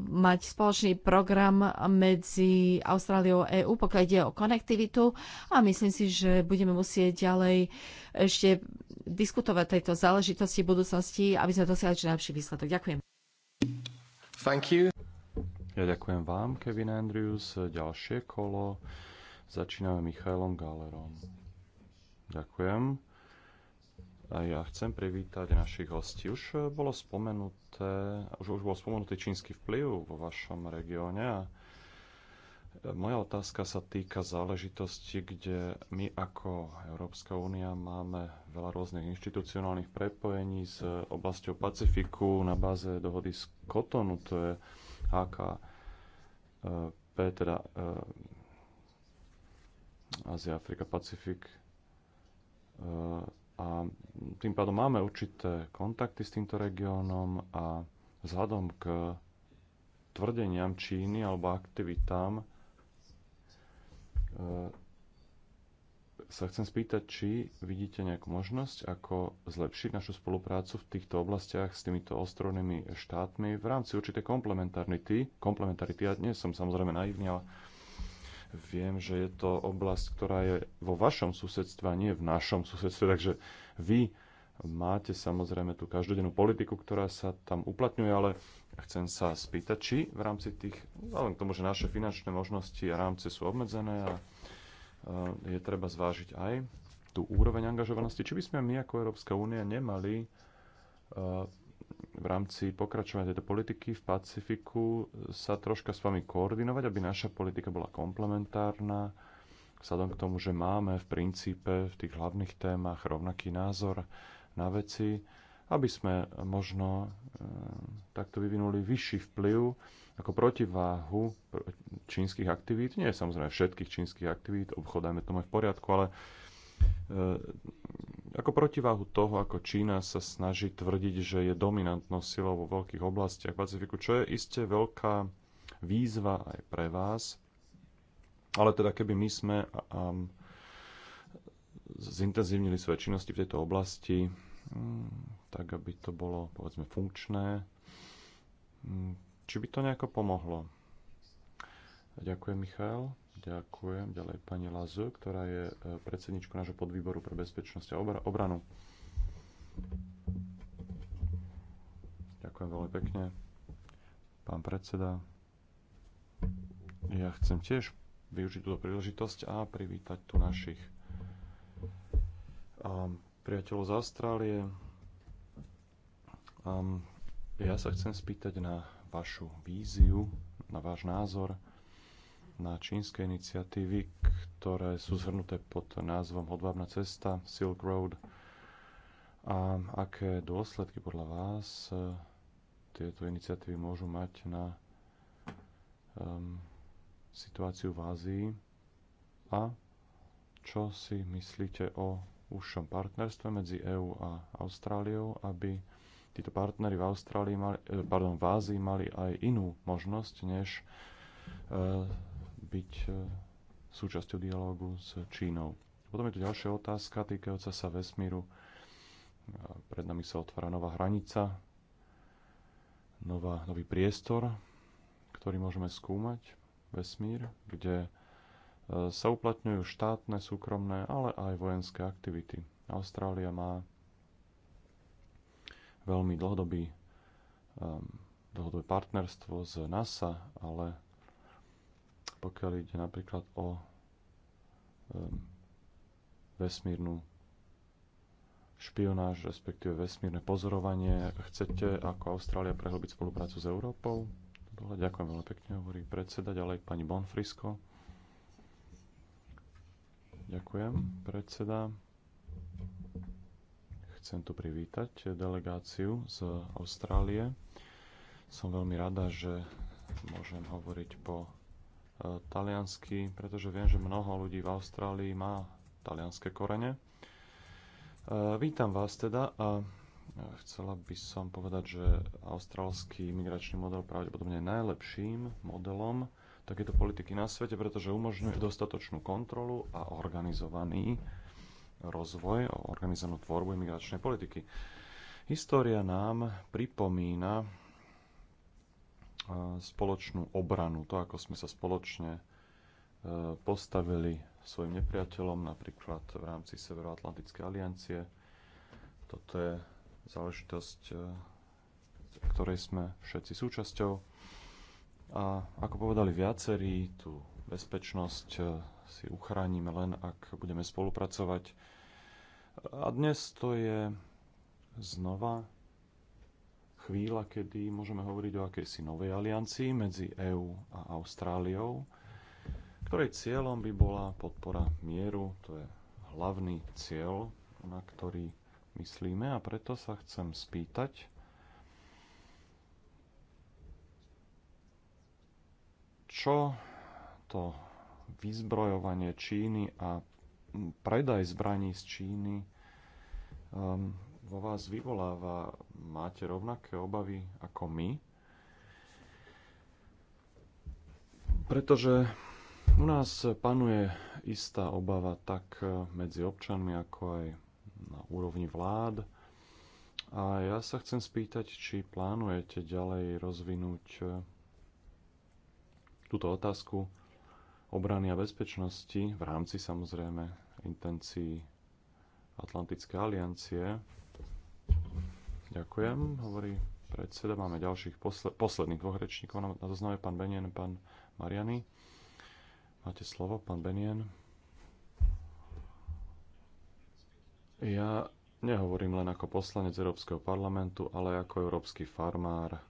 mať spoločný program medzi Austráliou a EÚ, pokiaľ ide o konektivitu a myslím si, že budeme musieť ďalej ešte diskutovať tejto záležitosti v budúcnosti, aby sme dosiahli čo najlepší výsledok. Ďakujem. Thank you. Ja ďakujem vám, Kevin Andrews. Ďalšie kolo. Začíname Michailom Galerom. Ďakujem. A ja chcem privítať našich hostí. Už eh, bolo spomenuté, už, už bol spomenutý čínsky vplyv vo vašom regióne a eh, moja otázka sa týka záležitosti, kde my ako Európska únia máme veľa rôznych inštitucionálnych prepojení s oblasťou Pacifiku na báze dohody z Kotonu, to je AKP, eh, teda Ázia, Afrika, Pacifik a tým pádom máme určité kontakty s týmto regiónom a vzhľadom k tvrdeniam Číny alebo aktivitám e, sa chcem spýtať, či vidíte nejakú možnosť, ako zlepšiť našu spoluprácu v týchto oblastiach s týmito ostrovnými štátmi v rámci určitej komplementarity. komplementarity. Ja nie som samozrejme naivný, ale Viem, že je to oblasť, ktorá je vo vašom susedstve a nie v našom susedstve, takže vy máte samozrejme tú každodennú politiku, ktorá sa tam uplatňuje, ale chcem sa spýtať, či v rámci tých, vzhľadom k tomu, že naše finančné možnosti a rámce sú obmedzené a e, je treba zvážiť aj tú úroveň angažovanosti, či by sme my ako Európska únia nemali e, v rámci pokračovania tejto politiky v Pacifiku sa troška s vami koordinovať, aby naša politika bola komplementárna, vzhľadom k tomu, že máme v princípe v tých hlavných témach rovnaký názor na veci, aby sme možno e, takto vyvinuli vyšší vplyv ako protiváhu čínskych aktivít. Nie samozrejme všetkých čínskych aktivít, obchodajme tomu, aj v poriadku, ale eh, ako protiváhu toho, ako Čína sa snaží tvrdiť, že je dominantnou silou vo veľkých oblastiach Pacifiku, čo je iste veľká výzva aj pre vás. Ale teda keby my sme um, zintenzívnili svoje činnosti v tejto oblasti, um, tak aby to bolo, povedzme, funkčné, um, či by to nejako pomohlo? Ďakujem, Michal. Ďakujem. Ďalej pani Lazu, ktorá je e, predsedničkou nášho podvýboru pre bezpečnosť a obranu. Ďakujem veľmi pekne. Pán predseda, ja chcem tiež využiť túto príležitosť a privítať tu našich priateľov z Austrálie. ja sa chcem spýtať na vašu víziu, na váš názor na čínske iniciatívy, ktoré sú zhrnuté pod názvom Hodvábna cesta, Silk Road. A aké dôsledky podľa vás e, tieto iniciatívy môžu mať na um, situáciu v Ázii a čo si myslíte o užšom partnerstve medzi EÚ a Austráliou, aby títo partnery v, Austrálii mali, e, pardon, v Ázii mali aj inú možnosť, než e, byť e, súčasťou dialógu s Čínou. Potom je tu ďalšia otázka týkajúca sa vesmíru. E, pred nami sa otvára nová hranica, nová, nový priestor, ktorý môžeme skúmať, vesmír, kde e, sa uplatňujú štátne, súkromné, ale aj vojenské aktivity. Austrália má veľmi dlhodobý, um, dlhodobé partnerstvo z NASA, ale pokiaľ ide napríklad o vesmírnu špionáž, respektíve vesmírne pozorovanie. Chcete ako Austrália prehlbiť spoluprácu s Európou? ďakujem veľmi pekne, hovorí predseda, ďalej pani Bonfrisko. Ďakujem, predseda. Chcem tu privítať delegáciu z Austrálie. Som veľmi rada, že môžem hovoriť po taliansky, pretože viem, že mnoho ľudí v Austrálii má talianské korene. E, vítam vás teda a e, chcela by som povedať, že austrálsky migračný model pravdepodobne je najlepším modelom takéto politiky na svete, pretože umožňuje dostatočnú kontrolu a organizovaný rozvoj, organizovanú tvorbu imigračnej politiky. História nám pripomína spoločnú obranu, to, ako sme sa spoločne e, postavili svojim nepriateľom, napríklad v rámci Severoatlantickej aliancie. Toto je záležitosť, e, ktorej sme všetci súčasťou. A ako povedali viacerí, tú bezpečnosť e, si uchránime len, ak budeme spolupracovať. A dnes to je znova chvíľa, kedy môžeme hovoriť o akejsi novej aliancii medzi EÚ a Austráliou, ktorej cieľom by bola podpora mieru. To je hlavný cieľ, na ktorý myslíme a preto sa chcem spýtať, čo to vyzbrojovanie Číny a predaj zbraní z Číny um, vo vás vyvoláva? Máte rovnaké obavy ako my? Pretože u nás panuje istá obava tak medzi občanmi, ako aj na úrovni vlád. A ja sa chcem spýtať, či plánujete ďalej rozvinúť eh, túto otázku obrany a bezpečnosti v rámci samozrejme intencií Atlantické aliancie Ďakujem, hovorí predseda. Máme ďalších posle- posledných dvoch rečníkov na, na zozname, pán Benien, pán Mariany. Máte slovo, pán Benien. Ja nehovorím len ako poslanec Európskeho parlamentu, ale ako európsky farmár ehm,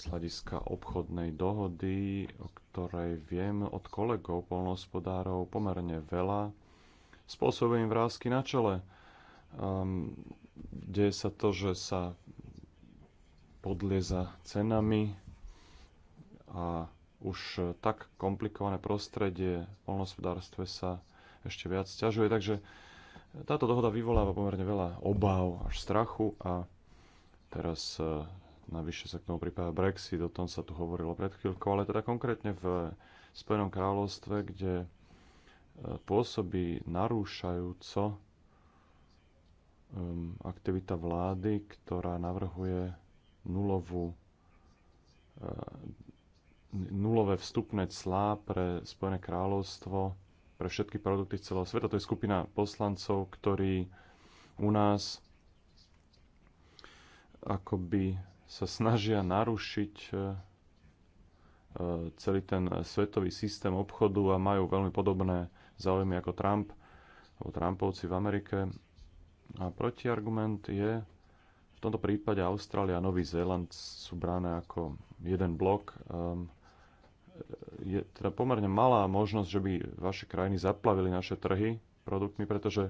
z hľadiska obchodnej dohody, o ktorej viem od kolegov polnohospodárov pomerne veľa, spôsobujem vrázky na čele. Um, deje sa to, že sa podlieza cenami a už e, tak komplikované prostredie v polnospodárstve sa ešte viac ťažuje. Takže táto dohoda vyvoláva pomerne veľa obáv až strachu a teraz e, navyše sa k tomu pripája Brexit, o tom sa tu hovorilo pred chvíľkou, ale teda konkrétne v Spojenom kráľovstve, kde e, pôsobí narúšajúco aktivita vlády, ktorá navrhuje nulovú, eh, nulové vstupné clá pre Spojené kráľovstvo, pre všetky produkty celého sveta. To je skupina poslancov, ktorí u nás akoby sa snažia narušiť eh, celý ten svetový systém obchodu a majú veľmi podobné záujmy ako Trump, alebo Trumpovci v Amerike. A protiargument je, v tomto prípade Austrália a Nový Zéland sú brané ako jeden blok. Um, je teda pomerne malá možnosť, že by vaše krajiny zaplavili naše trhy produktmi, pretože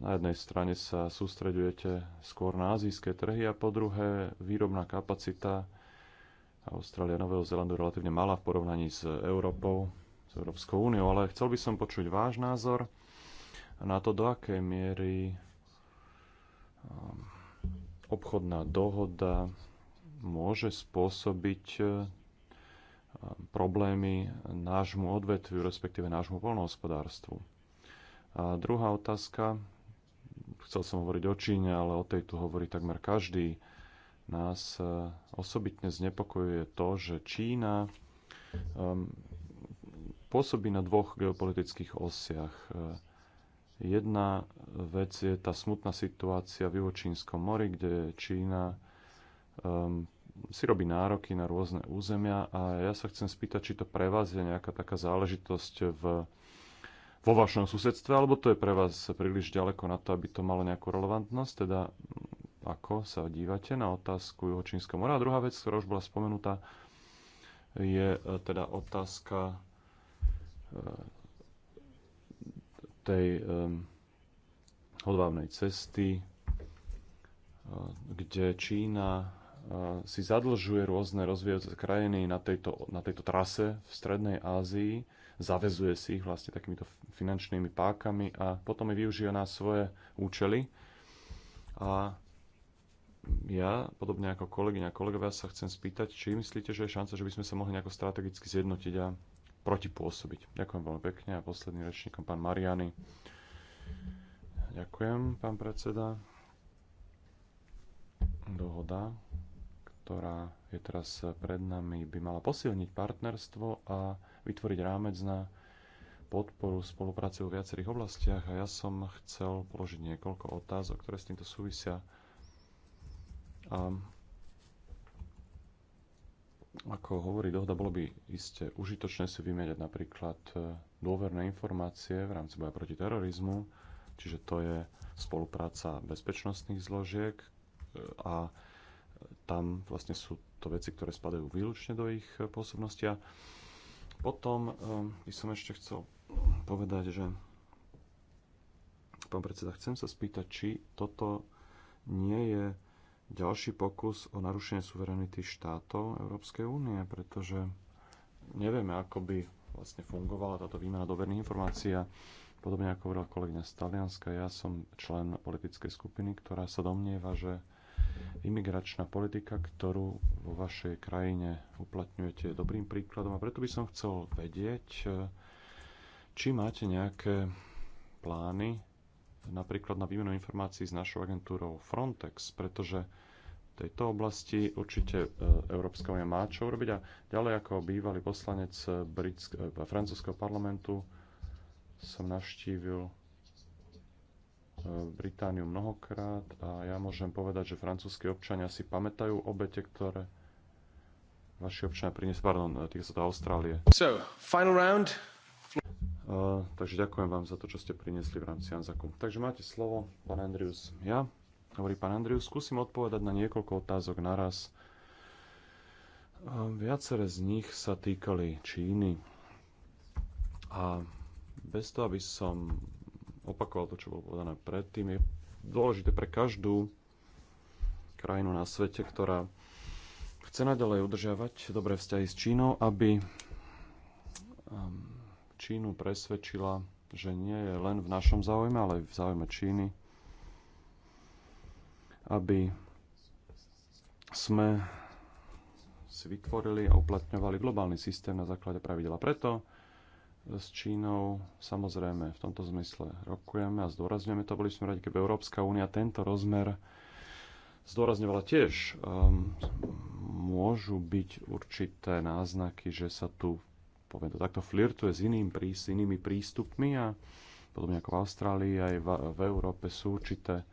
na jednej strane sa sústredujete skôr na azijské trhy a po druhé výrobná kapacita Austrália a Nového Zelandu je relatívne malá v porovnaní s Európou, s Európskou úniou, ale chcel by som počuť váš názor na to, do akej miery um, obchodná dohoda môže spôsobiť um, problémy nášmu odvetviu, respektíve nášmu polnohospodárstvu. A druhá otázka, chcel som hovoriť o Číne, ale o tej tu hovorí takmer každý, nás e, osobitne znepokojuje to, že Čína um, pôsobí na dvoch geopolitických osiach. E, Jedna vec je tá smutná situácia v Juhočínskom mori, kde Čína um, si robí nároky na rôzne územia a ja sa chcem spýtať, či to pre vás je nejaká taká záležitosť v, vo vašom susedstve, alebo to je pre vás príliš ďaleko na to, aby to malo nejakú relevantnosť, teda ako sa dívate na otázku Juhočínskeho mora. A druhá vec, ktorá už bola spomenutá, je e, teda otázka e, tej hodvávnej cesty, eh, kde Čína eh, si zadlžuje rôzne rozvíjajúce krajiny na tejto, na tejto trase v Strednej Ázii, zavezuje si ich vlastne takýmito finančnými pákami a potom ich využíva na svoje účely. A ja, podobne ako kolegyňa a kolegovia, sa chcem spýtať, či myslíte, že je šanca, že by sme sa mohli nejako strategicky zjednotiť a protipôsobiť. Ďakujem veľmi pekne a posledným rečníkom pán Mariany. Ďakujem, pán predseda. Dohoda, ktorá je teraz pred nami, by mala posilniť partnerstvo a vytvoriť rámec na podporu spolupráce v viacerých oblastiach a ja som chcel položiť niekoľko otázok, ktoré s týmto súvisia. A ako hovorí dohoda, bolo by iste užitočné si vymieňať napríklad e, dôverné informácie v rámci boja proti terorizmu, čiže to je spolupráca bezpečnostných zložiek e, a tam vlastne sú to veci, ktoré spadajú výlučne do ich e, pôsobnosti. A potom by som ešte chcel povedať, že pán predseda, chcem sa spýtať, či toto nie je ďalší pokus o narušenie suverenity štátov Európskej únie, pretože nevieme, ako by vlastne fungovala táto výmena doverných informácií podobne ako hovorila kolegyňa z Talianska, ja som člen politickej skupiny, ktorá sa domnieva, že imigračná politika, ktorú vo vašej krajine uplatňujete dobrým príkladom a preto by som chcel vedieť, či máte nejaké plány napríklad na výmenu informácií s našou agentúrou Frontex, pretože v tejto oblasti určite e, Európska únia má čo urobiť. A ďalej ako bývalý poslanec e, Britsk- e, francúzského parlamentu som navštívil Britániu mnohokrát a ja môžem povedať, že francúzskí občania si pamätajú obete, ktoré vaši občania priniesli, pardon, týka sa to Austrálie. So, final round takže ďakujem vám za to, čo ste priniesli v rámci Anzaku. Takže máte slovo, pán Andrius. Ja, hovorí pán Andrius, skúsim odpovedať na niekoľko otázok naraz. Viacere z nich sa týkali Číny. A bez toho, aby som opakoval to, čo bolo povedané predtým, je dôležité pre každú krajinu na svete, ktorá chce naďalej udržiavať dobré vzťahy s Čínou, aby um, Čínu presvedčila, že nie je len v našom záujme, ale aj v záujme Číny, aby sme si vytvorili a uplatňovali globálny systém na základe pravidela. Preto s Čínou samozrejme v tomto zmysle rokujeme a zdôrazňujeme to. Boli sme radi, keby Európska únia tento rozmer zdôrazňovala tiež. Um, môžu byť určité náznaky, že sa tu poviem to takto, flirtuje s, iným, s inými prístupmi a podobne ako v Austrálii aj v, v Európe sú určité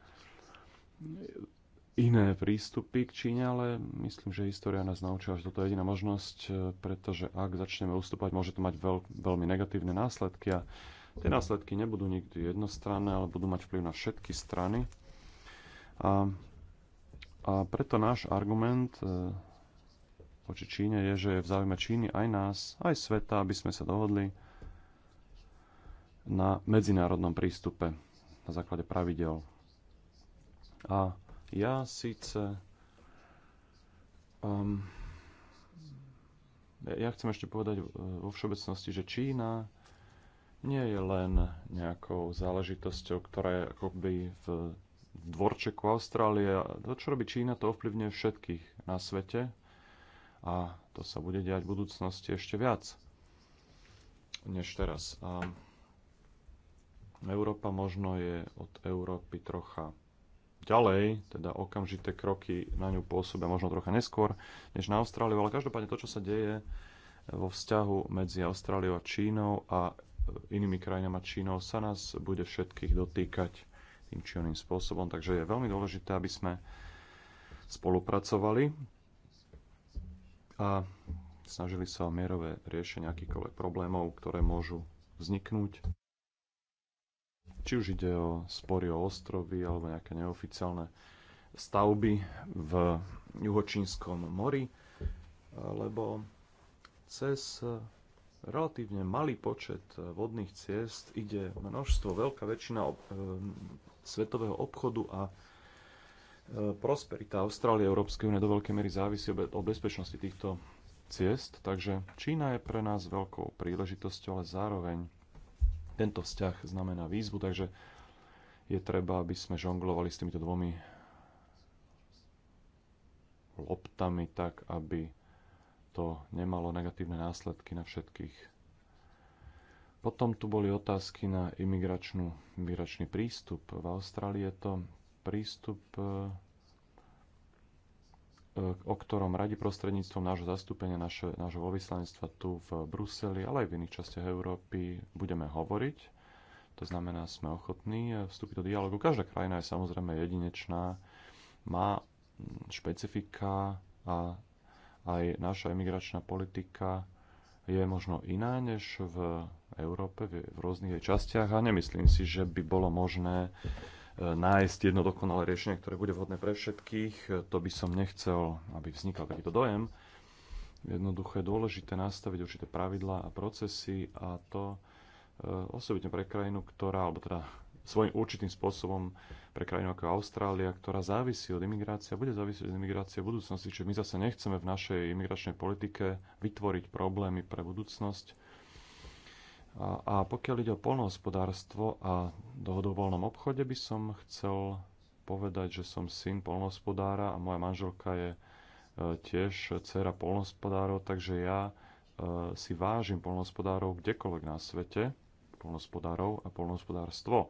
iné prístupy k Číne, ale myslím, že história nás naučila, že toto je jediná možnosť, e, pretože ak začneme ustúpať, môže to mať veľ, veľmi negatívne následky a tie následky nebudú nikdy jednostranné, ale budú mať vplyv na všetky strany. A, a preto náš argument e, voči Číne je, že je v záujme Číny aj nás, aj sveta, aby sme sa dohodli na medzinárodnom prístupe na základe pravidel. A ja síce... Um, ja chcem ešte povedať uh, vo všeobecnosti, že Čína nie je len nejakou záležitosťou, ktorá je akoby v dvorčeku Austrálie. To, čo robí Čína, to ovplyvňuje všetkých na svete a to sa bude diať v budúcnosti ešte viac než teraz. A Európa možno je od Európy trocha ďalej, teda okamžité kroky na ňu pôsobia možno trocha neskôr než na Austráliu, ale každopádne to, čo sa deje vo vzťahu medzi Austráliou a Čínou a inými krajinami a Čínou sa nás bude všetkých dotýkať tým či oným spôsobom. Takže je veľmi dôležité, aby sme spolupracovali a snažili sa o mierové riešenie akýchkoľvek problémov, ktoré môžu vzniknúť. Či už ide o spory o ostrovy alebo nejaké neoficiálne stavby v Juhočínskom mori, lebo cez relatívne malý počet vodných ciest ide množstvo, veľká väčšina ob, e, svetového obchodu a prosperita Austrálie a Európskej únie do veľkej miery závisí od bezpečnosti týchto ciest, takže Čína je pre nás veľkou príležitosťou, ale zároveň tento vzťah znamená výzvu, takže je treba, aby sme žonglovali s týmito dvomi loptami tak, aby to nemalo negatívne následky na všetkých. Potom tu boli otázky na imigračnú, imigračný prístup. V Austrálii je to prístup, e, e, o ktorom radi prostredníctvom nášho zastúpenia, naše, nášho veľvyslanectva tu v Bruseli, ale aj v iných častiach Európy budeme hovoriť. To znamená, sme ochotní vstúpiť do dialogu. Každá krajina je samozrejme jedinečná, má špecifika a aj naša imigračná politika je možno iná než v Európe, v, v rôznych jej častiach a nemyslím si, že by bolo možné nájsť jedno dokonalé riešenie, ktoré bude vhodné pre všetkých. To by som nechcel, aby vznikal takýto dojem. Jednoducho je dôležité nastaviť určité pravidlá a procesy a to e, osobitne pre krajinu, ktorá, alebo teda svojím určitým spôsobom pre krajinu ako Austrália, ktorá závisí od imigrácie a bude závisieť od imigrácie v budúcnosti. Čiže my zase nechceme v našej imigračnej politike vytvoriť problémy pre budúcnosť, a, a pokiaľ ide o polnohospodárstvo a dohodu o voľnom obchode, by som chcel povedať, že som syn polnohospodára a moja manželka je e, tiež dcera polnohospodárov, takže ja e, si vážim polnohospodárov kdekoľvek na svete, polnohospodárov a polnohospodárstvo. E,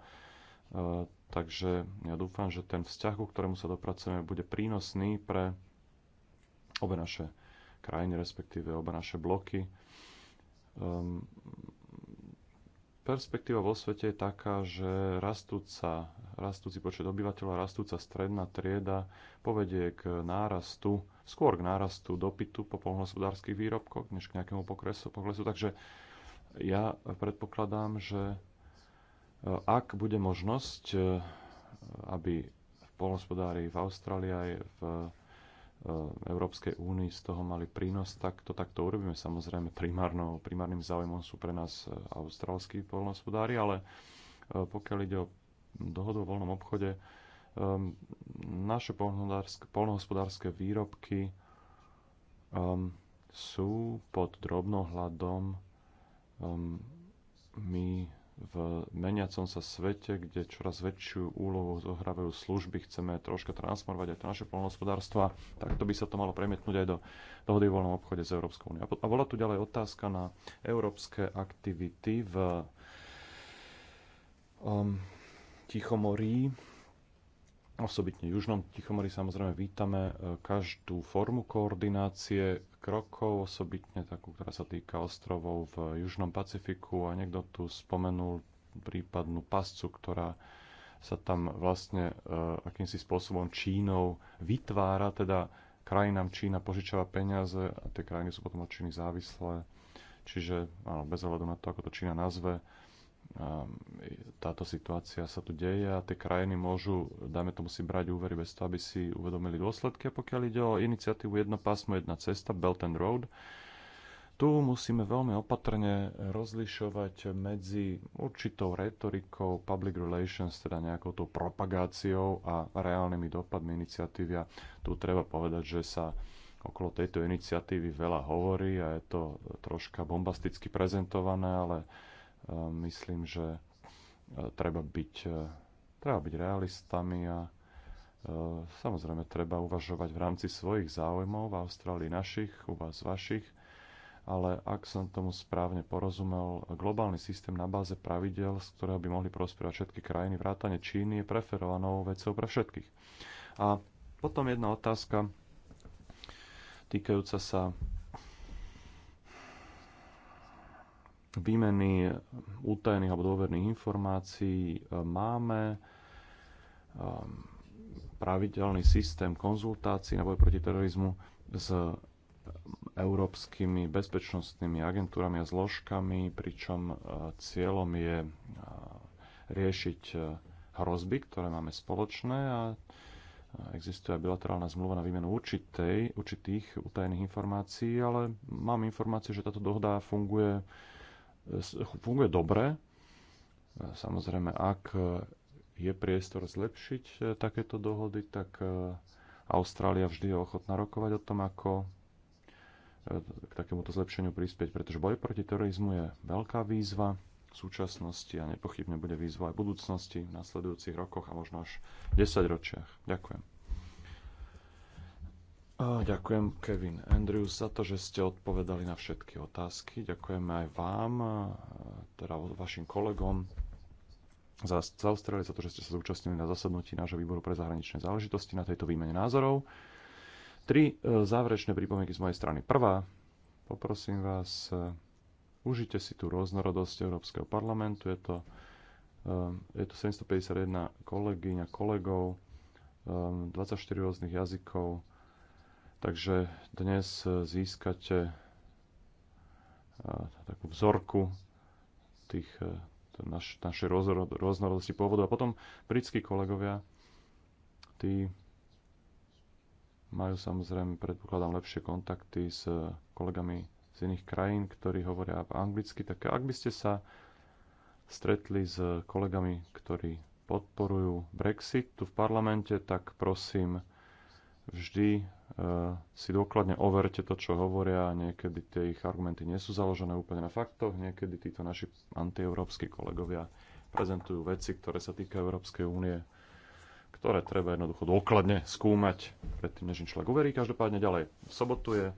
takže ja dúfam, že ten vzťah, ku ktorému sa dopracujeme, bude prínosný pre obe naše krajiny, respektíve obe naše bloky. Ehm, perspektíva vo svete je taká, že rastúca, rastúci počet obyvateľov, rastúca stredná trieda povedie k nárastu, skôr k nárastu dopytu po polnohospodárských výrobkoch, než k nejakému pokresu, poklesu. Takže ja predpokladám, že e, ak bude možnosť, e, aby polnohospodári v Austrálii aj v E, Európskej únii z toho mali prínos, tak to takto urobíme. Samozrejme, primárno. primárnym záujmom sú pre nás e, australskí polnohospodári, ale e, pokiaľ ide o dohodu o voľnom obchode, naše polnohospodárske výrobky sú pod drobnohľadom. My v meniacom sa svete, kde čoraz väčšiu úlohu zohrávajú služby, chceme troška transformovať aj to naše polnohospodárstva, tak to by sa to malo premietnúť aj do dohody o voľnom obchode s Európskou úniou. A bola tu ďalej otázka na európske aktivity v um, Tichomorí osobitne v Južnom Tichomori samozrejme vítame e, každú formu koordinácie krokov, osobitne takú, ktorá sa týka ostrovov v Južnom Pacifiku a niekto tu spomenul prípadnú pascu, ktorá sa tam vlastne uh, akýmsi spôsobom Čínou vytvára, teda krajinám Čína požičava peniaze a tie krajiny sú potom od Číny závislé. Čiže áno, bez ohľadu na to, ako to Čína nazve, E, táto situácia sa tu deje a tie krajiny môžu, dajme tomu si brať úvery bez toho, aby si uvedomili dôsledky. A pokiaľ ide o iniciatívu Jedno pásmo, jedna cesta, Belt and Road, tu musíme veľmi opatrne rozlišovať medzi určitou retorikou public relations, teda nejakou tou propagáciou a reálnymi dopadmi iniciatívy. A tu treba povedať, že sa okolo tejto iniciatívy veľa hovorí a je to troška bombasticky prezentované, ale myslím, že e, treba byť, e, treba byť realistami a e, samozrejme treba uvažovať v rámci svojich záujmov v Austrálii našich, u vás vašich, ale ak som tomu správne porozumel, globálny systém na báze pravidel, z ktorého by mohli prosperovať všetky krajiny, vrátane Číny je preferovanou vecou pre všetkých. A potom jedna otázka týkajúca sa výmeny utajených alebo dôverných informácií e, máme e, pravidelný systém konzultácií na boj proti terorizmu s európskymi bezpečnostnými agentúrami a zložkami, pričom e, cieľom je riešiť hrozby, ktoré máme spoločné a existuje aj bilaterálna zmluva na výmenu určitej, určitých utajených informácií, ale mám informácie, že táto dohoda funguje funguje dobre. Samozrejme, ak je priestor zlepšiť eh, takéto dohody, tak eh, Austrália vždy je ochotná rokovať o tom, ako eh, k takémuto zlepšeniu prispieť, pretože boj proti terorizmu je veľká výzva v súčasnosti a nepochybne bude výzva aj v budúcnosti, v nasledujúcich rokoch a možno až v desaťročiach. Ďakujem ďakujem Kevin Andrews za to, že ste odpovedali na všetky otázky. Ďakujeme aj vám, teda vašim kolegom za, z Austrálie, za to, že ste sa zúčastnili na zasadnutí nášho výboru pre zahraničné záležitosti na tejto výmene názorov. Tri e, záverečné pripomienky z mojej strany. Prvá, poprosím vás, e, užite si tú rôznorodosť Európskeho parlamentu. Je to, e, je to 751 kolegyň a kolegov, 24 rôznych jazykov, Takže dnes získate eh, takú vzorku tých eh, naš, našej rôznorodosti pôvodu. A potom britskí kolegovia, tí majú samozrejme, predpokladám, lepšie kontakty s eh, kolegami z iných krajín, ktorí hovoria po anglicky. Tak ak by ste sa stretli s kolegami, ktorí podporujú Brexit tu v parlamente, tak prosím, vždy e, si dôkladne overte to, čo hovoria. Niekedy tie ich argumenty nie sú založené úplne na faktoch, niekedy títo naši antieurópsky kolegovia prezentujú veci, ktoré sa týkajú Európskej únie, ktoré treba jednoducho dôkladne skúmať predtým, než im človek uverí. Každopádne ďalej. V sobotu je e,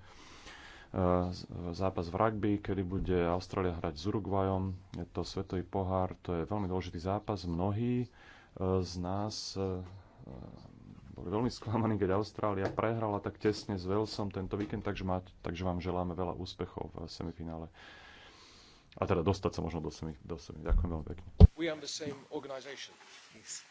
zápas v rugby, kedy bude Austrália hrať s Uruguayom. Je to svetový pohár, to je veľmi dôležitý zápas. Mnohí e, z nás boli veľmi sklamaní, keď Austrália prehrala tak tesne s Walesom tento víkend, takže, mať, takže vám želáme veľa úspechov v semifinále. A teda dostať sa možno do semifinále. Do semi. Ďakujem veľmi pekne. We are the same organization. Yes.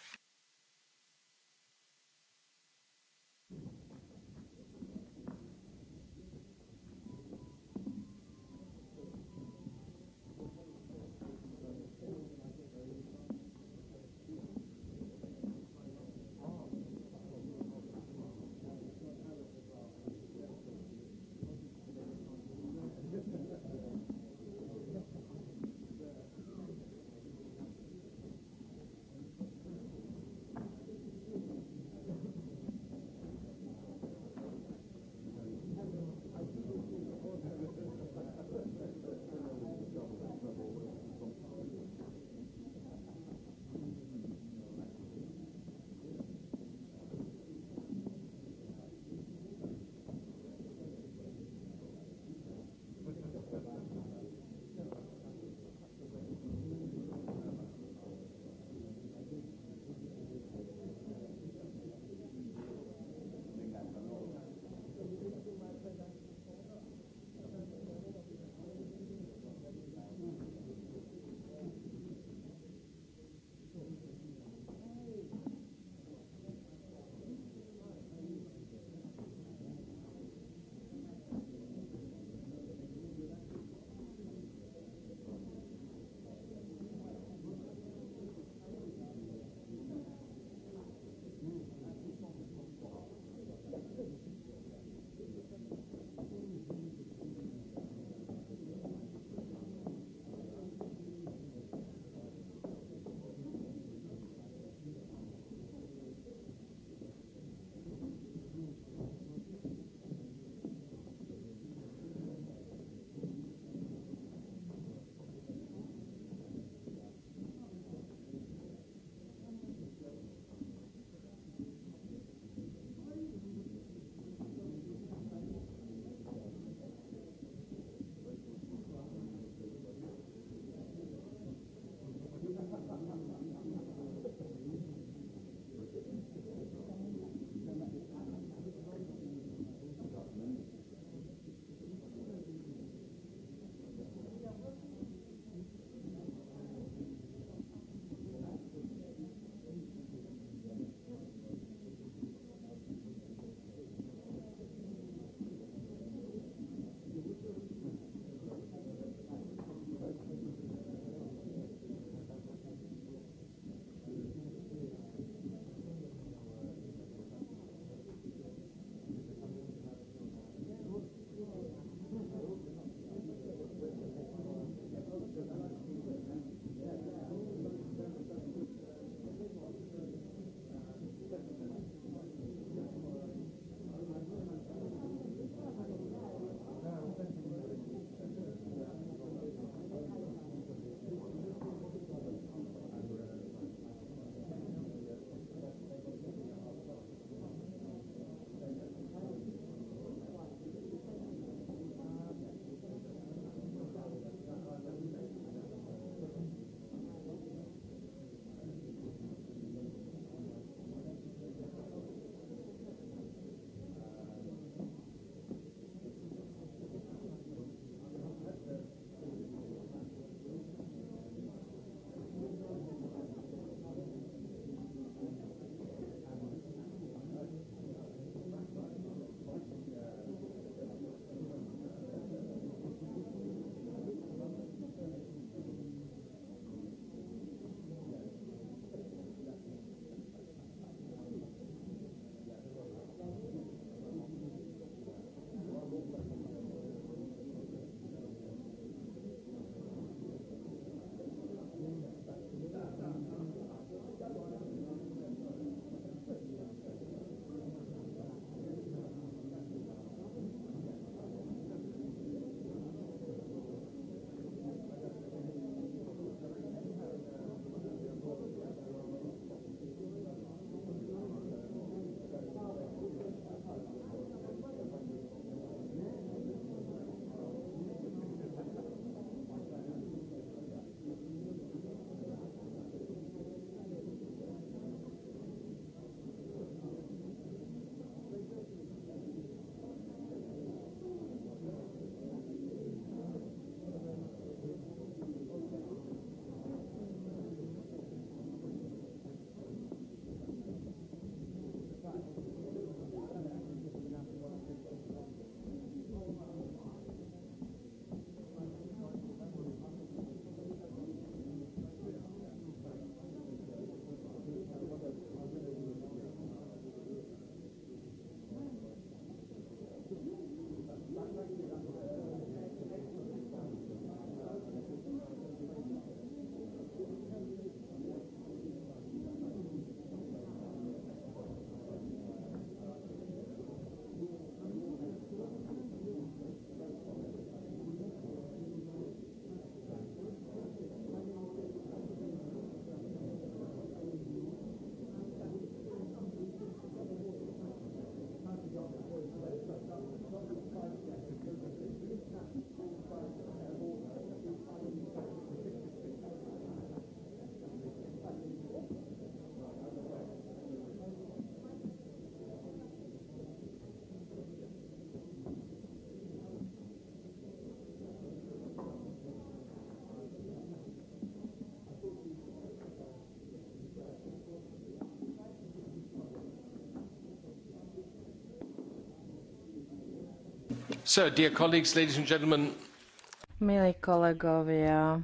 Milí kolegovia,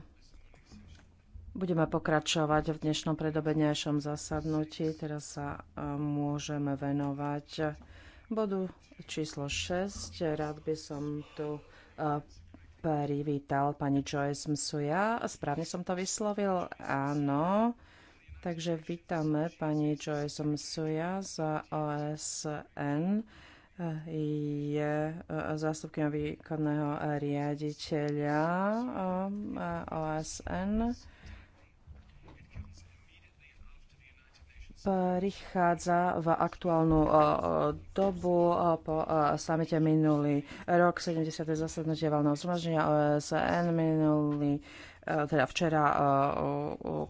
budeme pokračovať v dnešnom predobednejšom zasadnutí. Teraz sa e, môžeme venovať bodu číslo 6. Rád by som tu e, privítal pani Joyce Msuja. Správne som to vyslovil? Áno. Takže vítame pani Joyce Msuja z OSN je eh, zástupkým výkonného riaditeľa eh, OSN. prichádza v aktuálnu eh, dobu po samite minulý rok 70. zasadnutie valného zmaženia OSN minulý E, teda včera e,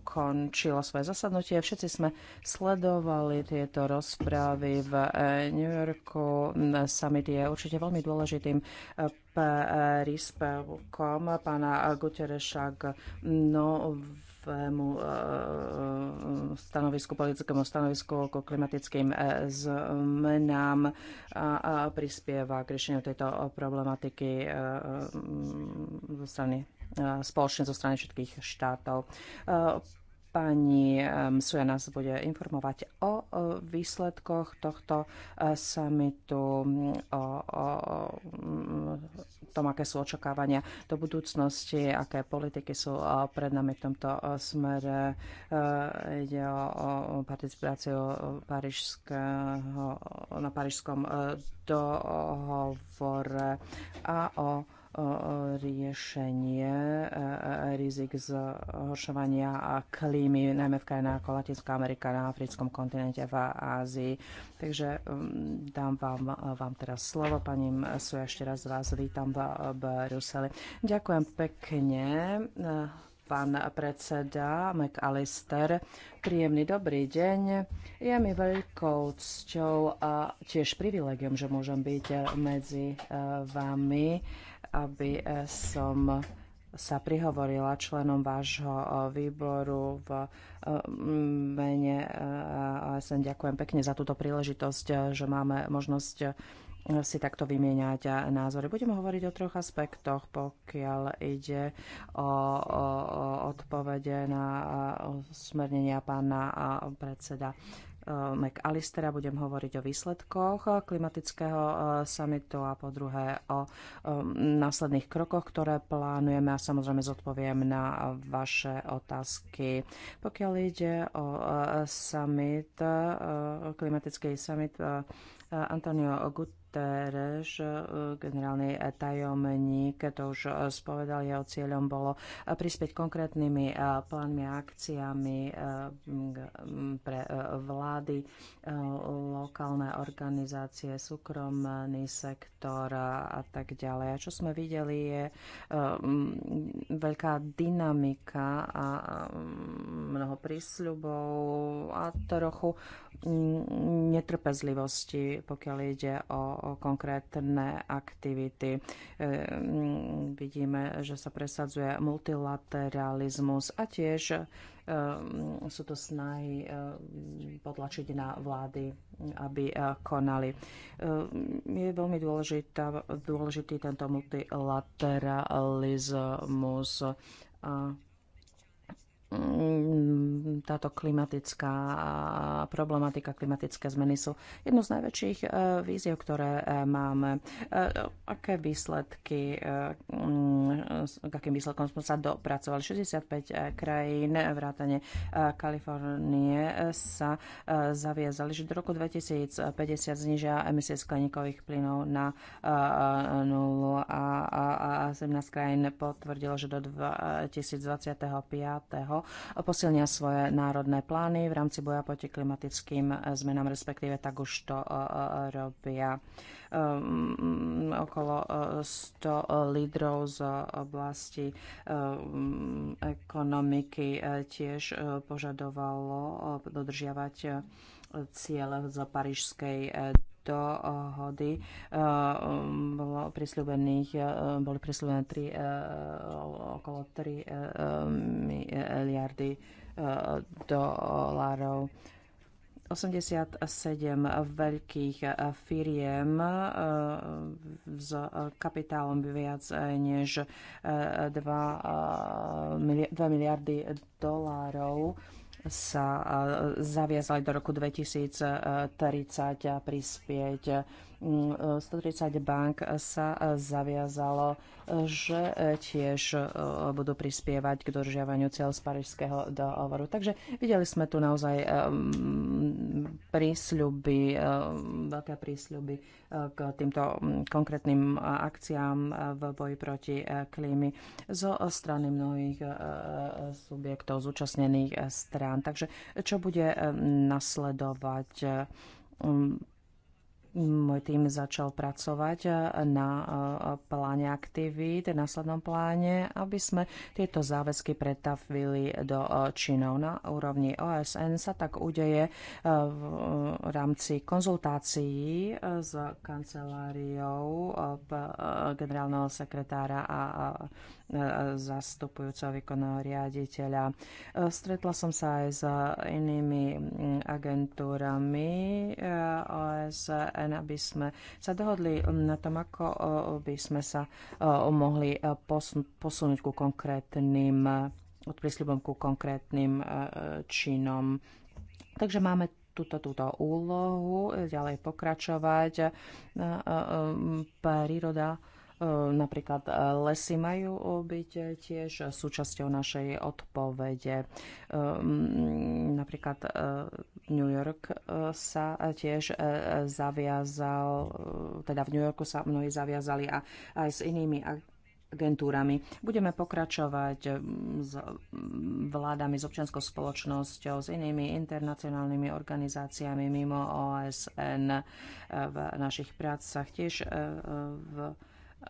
končilo svoje zasadnutie. Všetci sme sledovali tieto rozprávy v e, New Yorku. Summit je určite veľmi dôležitým príspevkom pána Gutereša k novému stanovisku, politickému stanovisku ku klimatickým zmenám a prispieva k riešeniu tejto problematiky zo strany E, spoločne zo strany všetkých štátov. E, pani e, Suja nás bude informovať o výsledkoch tohto summitu, o, o tom, aké sú očakávania do budúcnosti, aké politiky sú pred nami v tomto smere. Ide o participáciu na Parížskom dohovore a o riešenie e, e, rizik zhoršovania klímy, najmä v krajinách ako Latinská Amerika, na africkom kontinente, v Ázii. Takže mm, dám vám, vám teraz slovo, pani Su, ešte raz vás vítam v Bruseli. Ďakujem pekne e, pán predseda McAllister. Príjemný dobrý deň. Je mi veľkou cťou a tiež privilegium, že môžem byť medzi vami aby eh, som sa prihovorila členom vášho eh, výboru v eh, mene OSN. Ďakujem pekne za túto príležitosť, že máme možnosť si takto vymieňať názory. Budeme hovoriť o troch aspektoch, pokiaľ ide o, o, o odpovede na usmernenia pána predseda Eh, McAllistera. Budem hovoriť o výsledkoch klimatického eh, samitu a po druhé o eh, následných krokoch, ktoré plánujeme a samozrejme zodpoviem na vaše otázky. Pokiaľ ide o summit, klimatický summit, Antonio Guterres, Guterres, e, generálny tajomník, to už e, spovedal, jeho cieľom bolo e, prispieť konkrétnymi plánmi a akciami pre vlády, lokálne organizácie, súkromný sektor a tak ďalej. A čo sme videli je veľká dynamika a mnoho prísľubov a trochu netrpezlivosti, pokiaľ ide o o konkrétne aktivity. E, vidíme, že sa presadzuje multilateralizmus a tiež e, sú to snahy e, potlačiť na vlády, aby konali. Je veľmi dôležitá, dôležitý tento multilateralizmus a Mm, táto klimatická problematika, klimatické zmeny sú jedno z najväčších e, víziev, ktoré e, máme. E, aké výsledky, mm, k akým výsledkom sme sa dopracovali? 65 krajín vrátane Kalifornie sa zaviazali, že do roku 2050 znižia emisie skleníkových plynov na nulu a 17 krajín potvrdilo, že do 2025 posilnia svoje národné plány v rámci boja proti klimatickým zmenám, respektíve tak už to e, e, robia ehm, okolo 100 e, lídrov z oblasti ehm, ekonomiky tiež požadovalo dodržiavať cieľ z Parížskej Eh, hody eh, um, bolo prisľúbených, eh, boli prisľúbené 3, okolo 3 miliardy dolárov. 87 veľkých firiem s kapitálom viac než 2 miliardy dolárov sa e, zaviazali do roku 2030 e, prispieť 130 bank sa zaviazalo, že tiež e, budú prispievať k dodržiavaniu cieľ z Parížského dohovoru. Takže videli sme tu naozaj e, prísľuby, e, veľké prísľuby k týmto konkrétnym akciám v boji proti klímy zo strany mnohých subjektov, zúčastnených strán. Takže čo bude nasledovať? Môj tým začal pracovať e, na e, pláne aktivít, následnom pláne, aby sme tieto záväzky pretavili do e, činov. Na úrovni OSN sa tak udeje v rámci konzultácií s kanceláriou generálneho sekretára a E, zastupujúceho výkonného riaditeľa. E, stretla som sa aj s inými mm, agentúrami e, OSN, aby sme sa dohodli na tom, ako by sme sa mohli posunúť ku konkrétnym od prísľubom ku konkrétnym činom. Takže máme túto, túto úlohu ďalej pokračovať. Príroda E, napríklad e, lesy majú byť e, tiež súčasťou našej odpovede. Napríklad New York sa tiež zaviazal, teda v New Yorku sa mnohí zaviazali a aj s inými agentúrami. Budeme pokračovať s vládami, s občianskou spoločnosťou, s inými internacionálnymi organizáciami mimo OSN v našich prácach, tiež v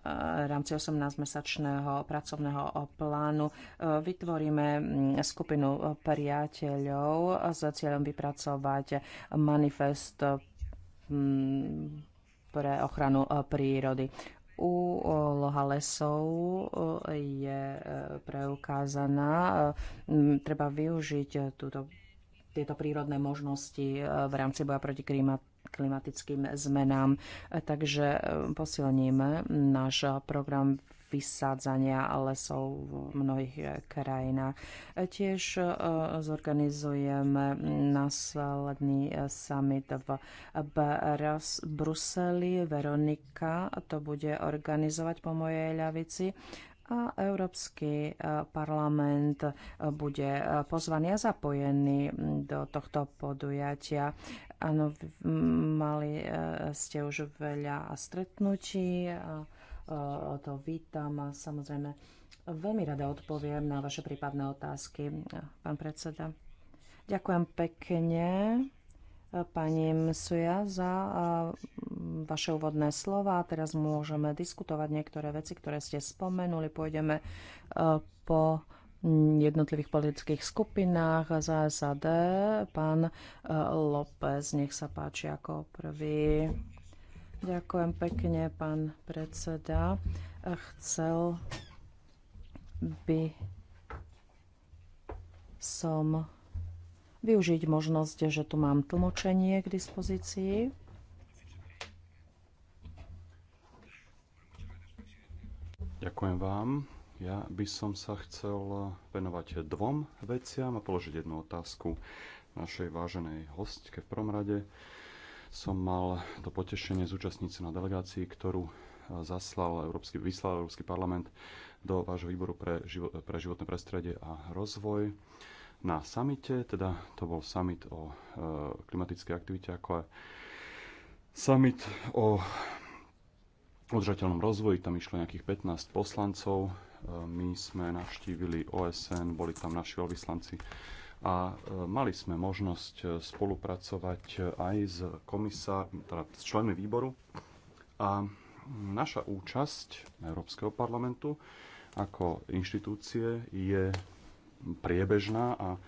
v rámci 18-mesačného pracovného plánu vytvoríme mm, skupinu priateľov s cieľom vypracovať manifest mm, pre ochranu e, prírody. Úloha lesov e, je e, preukázaná. Treba využiť túto, tieto prírodné možnosti v rámci boja proti klimatu klimatickým zmenám. Takže eh, posilníme náš program vysádzania lesov v mnohých eh, krajinách. Eh, tiež zorganizujeme následný summit v Bruseli. Veronika to bude organizovať po mojej ľavici a Európsky e, parlament e, bude e, pozvaný a zapojený do tohto podujatia. Áno, mali ste už veľa stretnutí, a to vítam a samozrejme veľmi rada odpoviem na vaše prípadné otázky, pán predseda. Ďakujem pekne pani Msuja za vaše úvodné slova. Teraz môžeme diskutovať niektoré veci, ktoré ste spomenuli. Pôjdeme e, po jednotlivých politických skupinách za SAD. Pán e, López, nech sa páči ako prvý. Ďakujem pekne, pán predseda. E, chcel by som využiť možnosť, že tu mám tlmočenie k dispozícii. Ďakujem vám. Ja by som sa chcel venovať dvom veciam a položiť jednu otázku našej váženej hostke v prvom rade. Som mal to potešenie zúčastniť sa na delegácii, ktorú zaslal Európsky, vyslal Európsky parlament do vášho výboru pre, život, pre životné prostredie a rozvoj na samite, teda to bol summit o e, klimatickej aktivite, ako aj summit o udržateľnom rozvoji, tam išlo nejakých 15 poslancov, e, my sme navštívili OSN, boli tam naši veľvyslanci a e, mali sme možnosť e, spolupracovať e, aj s komisár, teda s členmi výboru a naša účasť Európskeho parlamentu ako inštitúcie je priebežná a e,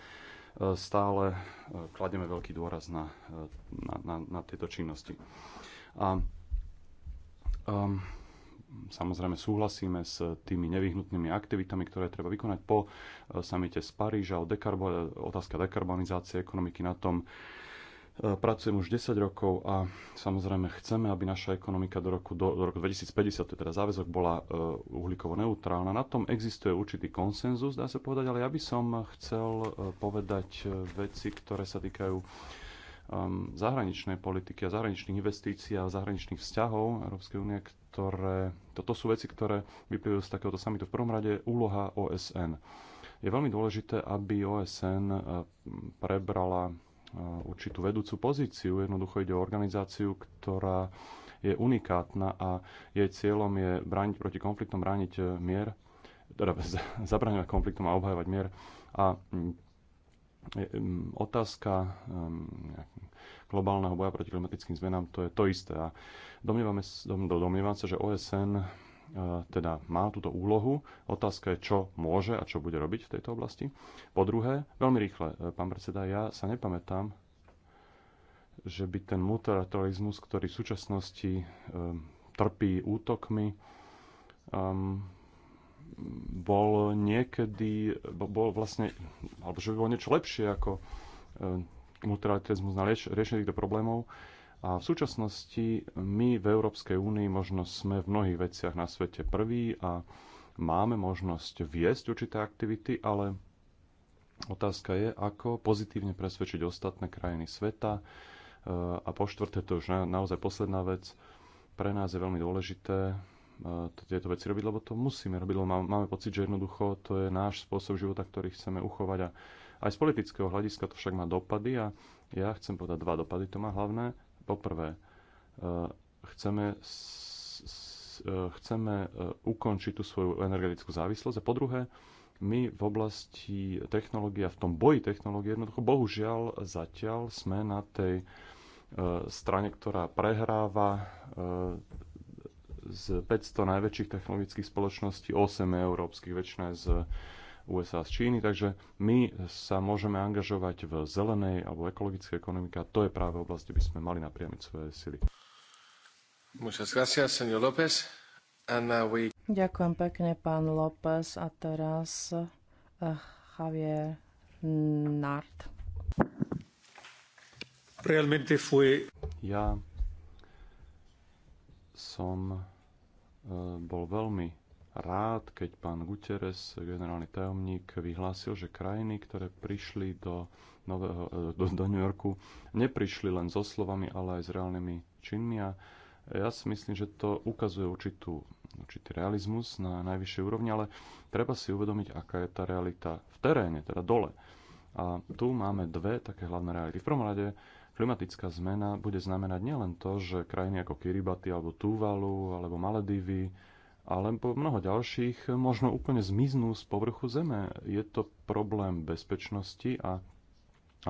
stále e, kladieme veľký dôraz na, e, na, na, na tieto činnosti. A, um, samozrejme súhlasíme s tými nevyhnutnými aktivitami, ktoré treba vykonať po samite z Paríža o dekarbo- otázka dekarbonizácie ekonomiky na tom E, pracujem už 10 rokov a samozrejme chceme, aby naša ekonomika do roku, do, do roku 2050, to je teda záväzok, bola e, uhlíkovo neutrálna. Na tom existuje určitý konsenzus, dá sa povedať, ale ja by som chcel e, povedať veci, ktoré sa týkajú um, zahraničnej politiky a zahraničných investícií a zahraničných vzťahov Európskej únie, ktoré, toto sú veci, ktoré vyplývajú z takéhoto samitu. V prvom rade úloha OSN. Je veľmi dôležité, aby OSN prebrala určitú vedúcu pozíciu. Jednoducho ide o organizáciu, ktorá je unikátna a jej cieľom je brániť proti konfliktom, brániť e, mier, teda zabraňovať konfliktom a obhajovať mier. A otázka globálneho boja proti klimatickým zmenám, to je to isté. A domnievame, domnievam sa, že OSN teda má túto úlohu. Otázka je, čo môže a čo bude robiť v tejto oblasti. Po druhé, veľmi rýchle, e, pán predseda, ja sa nepamätám, že by ten multilateralizmus, ktorý v súčasnosti um, trpí útokmi, um, bol niekedy, bol vlastne, alebo že by bol niečo lepšie ako um, multilateralizmus na riešenie týchto problémov. Uh, a v súčasnosti my v Európskej únii možno sme v mnohých veciach na svete prví a máme možnosť viesť určité aktivity, ale otázka je, ako pozitívne presvedčiť ostatné krajiny sveta. E, a po štvrté, to už na, naozaj posledná vec, pre nás je veľmi dôležité e, tieto veci robiť, lebo to musíme robiť, lebo máme pocit, že jednoducho to je náš spôsob života, ktorý chceme uchovať. A aj z politického hľadiska to však má dopady a ja chcem povedať dva dopady, to má hlavné Poprvé, eh, chceme, eh, chceme eh, ukončiť tú svoju energetickú závislosť a po druhé, my v oblasti technológie a v tom boji technológie jednoducho bohužiaľ zatiaľ sme na tej e, strane, ktorá prehráva z 500 najväčších technologických spoločností 8 európskych, väčšina z USA z Číny, takže my sa môžeme angažovať v zelenej alebo ekologickej ekonomike a to je práve oblasť, kde by sme mali napriamiť svoje sily. Muchas gracias, señor López. Uh, we... Ďakujem pekne, pán López. A teraz uh, Javier Nart. Realmente fue... Ja som uh, bol veľmi rád, keď pán Guterres, generálny tajomník, vyhlásil, že krajiny, ktoré prišli do, nového, e, do, do New Yorku, neprišli len so slovami, ale aj s reálnymi činmi. A ja si myslím, že to ukazuje určitú, určitý realizmus na najvyššej úrovni, ale treba si uvedomiť, aká je tá realita v teréne, teda dole. A tu máme dve také hlavné reality. V prvom rade klimatická zmena bude znamenať nielen to, že krajiny ako Kiribati alebo Tuvalu alebo Maledivy alebo mnoho ďalších možno úplne zmiznú z povrchu Zeme. Je to problém bezpečnosti a,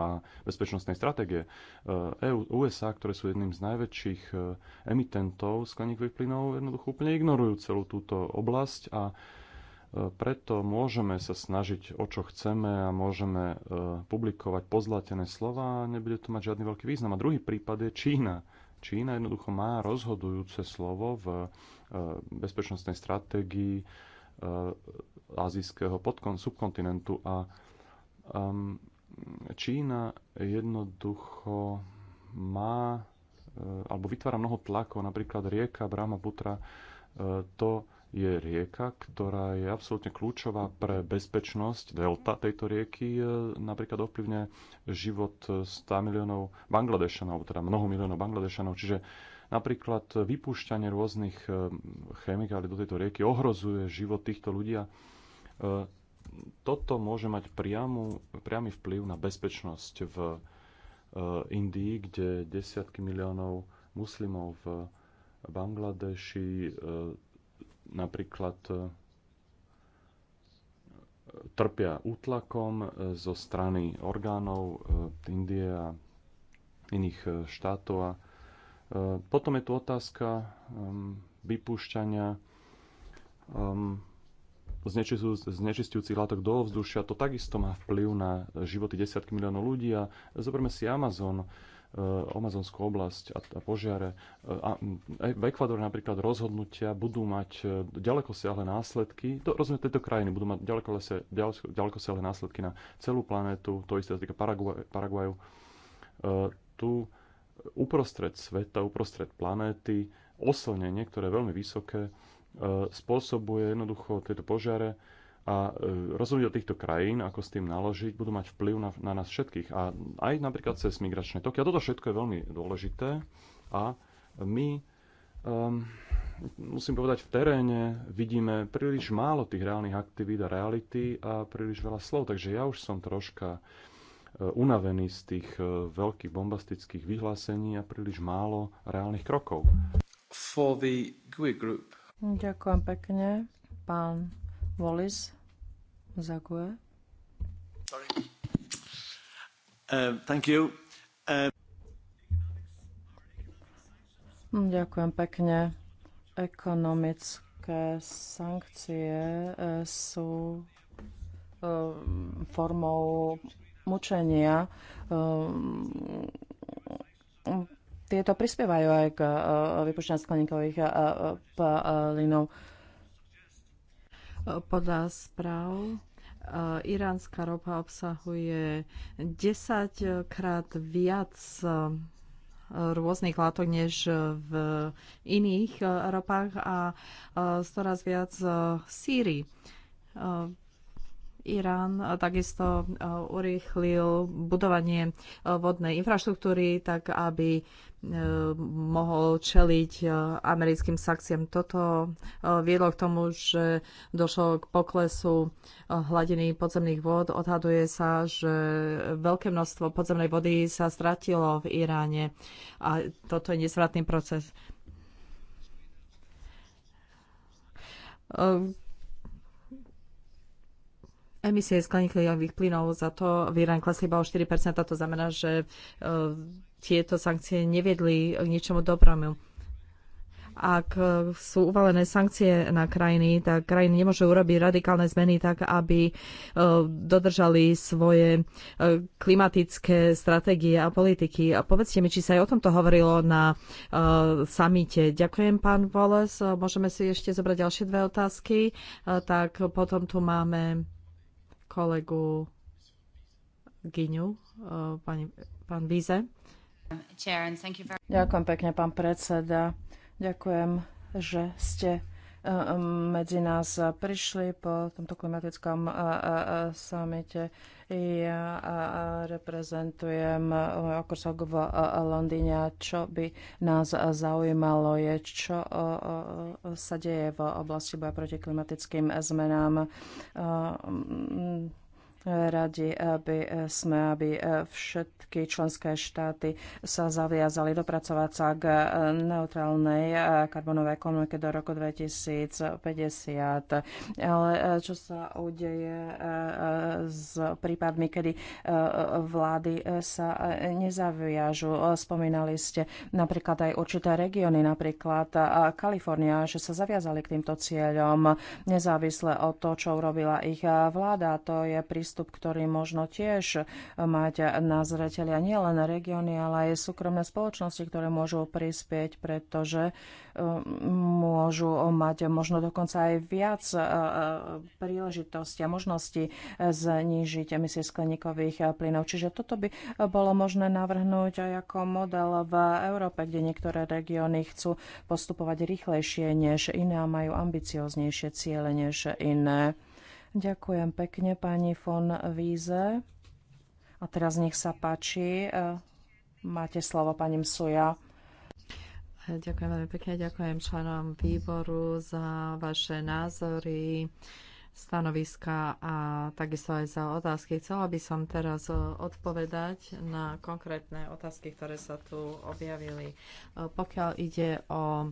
a bezpečnostnej stratégie. EU, e USA, ktoré sú jedným z najväčších e, emitentov skleníkových plynov, jednoducho úplne ignorujú celú túto oblasť a e, preto môžeme sa snažiť o čo chceme a môžeme publikovať pozlatené slova a nebude to mať žiadny veľký význam. A druhý prípad je Čína Čína jednoducho má rozhodujúce slovo v e, bezpečnostnej stratégii e, azijského subkontinentu a Čína jednoducho má e, alebo vytvára mnoho tlakov, napríklad rieka Brahmaputra, to je rieka, ktorá je absolútne kľúčová pre bezpečnosť. Delta tejto rieky e, napríklad ovplyvňuje život 100 miliónov Bangladešanov, teda mnoho miliónov Bangladešanov. Čiže napríklad vypúšťanie rôznych e, chemikálií do tejto rieky ohrozuje život týchto ľudí e, toto môže mať priamu, priamy vplyv na bezpečnosť v Indii, kde desiatky miliónov muslimov v Bangladeši napríklad e, trpia útlakom e, zo strany orgánov e, Indie a iných štátov. A potom je tu otázka vypúšťania znečistujúcich látok do ovzdušia. To takisto má vplyv na životy desiatky miliónov ľudí. A zoberme si Amazon Eh, amazonskú oblasť a, a požiare. Eh, a, a e, v Ekvadore napríklad rozhodnutia budú mať eh, ďaleko siahle následky, to, rozumiem, tejto krajiny budú mať ďaleko, lese, ďaleko, ďaleko siahle následky na celú planetu, to isté sa týka Paraguaju. Paraguaju. Uh, tu uprostred sveta, uprostred planéty, oslnenie, ktoré je veľmi vysoké, uh, spôsobuje jednoducho tieto požiare, a e, rozhodnutia týchto krajín, ako s tým naložiť, budú mať vplyv na, na nás všetkých. A aj napríklad cez migračné toky. A toto všetko je veľmi dôležité. A my, um, musím povedať, v teréne vidíme príliš málo tých reálnych aktivít a reality a príliš veľa slov. Takže ja už som troška e, unavený z tých e, veľkých bombastických vyhlásení a príliš málo reálnych krokov. For the GUI group. Ďakujem pekne, pán Wallis. Uh, uh, Ekonomické sankcie uh, sú formou mučenia. Tieto prispievajú aj k vypušťaniu skleníkových plynov. Podľa správ Eh, iránska ropa obsahuje 10 krát viac eh, rôznych látok než v iných eh, ropách a storaz viac síry. Irán takisto e, urýchlil budovanie e, vodnej infraštruktúry, tak aby e, mohol čeliť americkým sankciám. Toto viedlo k tomu, že došlo k poklesu hladiny podzemných vod. Odhaduje sa, že veľké množstvo podzemnej vody sa stratilo v Iráne a toto je nesvratný proces emisie skleníkových plynov za to Irán klesli iba o 4%. To znamená, že e, tieto sankcie neviedli k ničomu dobromu ak e, sú uvalené sankcie na krajiny, tak krajiny nemôžu urobiť radikálne zmeny tak, aby e, dodržali svoje klimatické stratégie a politiky. A povedzte mi, či sa aj o tomto hovorilo na samite. Ďakujem, pán Voles. Môžeme si ešte zobrať ďalšie dve otázky. Tak potom tu máme kolegu Giniu, eh, pani, pán Vize. Ďakujem pekne, pán predseda. Ďakujem, že ste eh, eh, medzi nás prišli po tomto klimatickom samite. Ja reprezentujem e, okrsok v e, Londýne a čo by nás e, zaujímalo je, čo sa deje v oblasti boja proti klimatickým zmenám radi by e, sme, aby e, všetky členské štáty sa zaviazali dopracovať sa k e, neutrálnej karbonovej ekonomike do roku 2050. Ale čo sa udeje s prípadmi, kedy vlády sa nezaviažu? Spomínali ste napríklad aj určité regióny, napríklad Kalifornia, že sa zaviazali k týmto cieľom nezávisle od toho, čo urobila ich vláda. To je prístup prístup, ktorý možno tiež mať na zreteli a nie len regióny, ale aj súkromné spoločnosti, ktoré môžu prispieť, pretože e, môžu mať možno dokonca aj viac e, e, príležitosti a možnosti znížiť emisie skleníkových plynov. Čiže toto by bolo možné navrhnúť aj ako model v Európe, kde niektoré regióny chcú postupovať rýchlejšie než iné a majú ambicioznejšie ciele než iné. Ďakujem pekne pani von Víze. A teraz nech sa páči. E, máte slovo pani Msuja. Ďakujem veľmi pekne, ďakujem členom výboru za vaše názory, stanoviska a takisto aj za otázky. Chcela by som teraz e, odpovedať na konkrétne otázky, ktoré sa tu objavili. E, pokiaľ ide o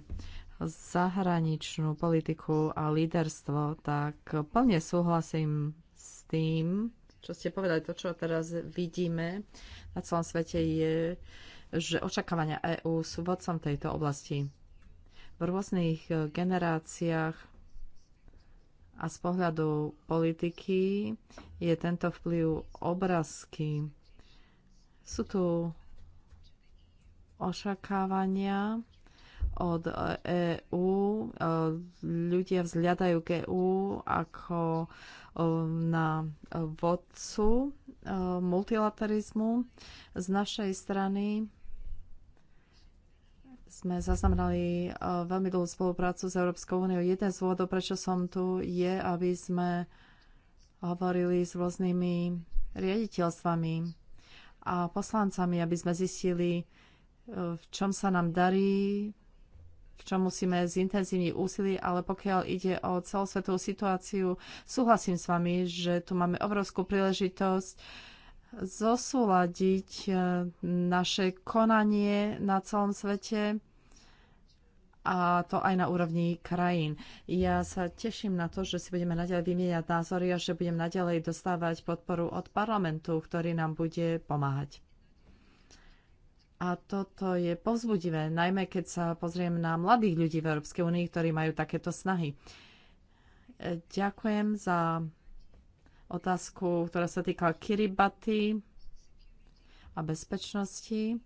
zahraničnú politiku a líderstvo, tak plne súhlasím s tým, čo ste povedali. To, čo teraz vidíme na celom svete, je, že očakávania EÚ sú vodcom tejto oblasti. V rôznych generáciách a z pohľadu politiky je tento vplyv obrazky. Sú tu očakávania, od EÚ. E e, ľudia vzhľadajú k EÚ ako e, na vodcu multilaterizmu. Z našej strany sme zaznamenali veľmi dlhú spoluprácu s Európskou úniou. Jeden z dôvodov, prečo som tu, je, aby sme hovorili s rôznymi riaditeľstvami a poslancami, aby sme zistili, v čom sa nám darí, v čom musíme zintenzívniť úsilí, ale pokiaľ ide o celosvetovú situáciu, súhlasím s vami, že tu máme obrovskú príležitosť zosúľadiť e, naše konanie na celom svete a to aj na úrovni krajín. Ja sa teším na to, že si budeme naďalej vymieňať názory a že budem naďalej dostávať podporu od parlamentu, ktorý nám bude pomáhať. A toto je povzbudivé, najmä keď sa pozriem na mladých ľudí v Európskej únii, ktorí majú takéto snahy. E, ďakujem za otázku, ktorá sa týka Kiribati a bezpečnosti.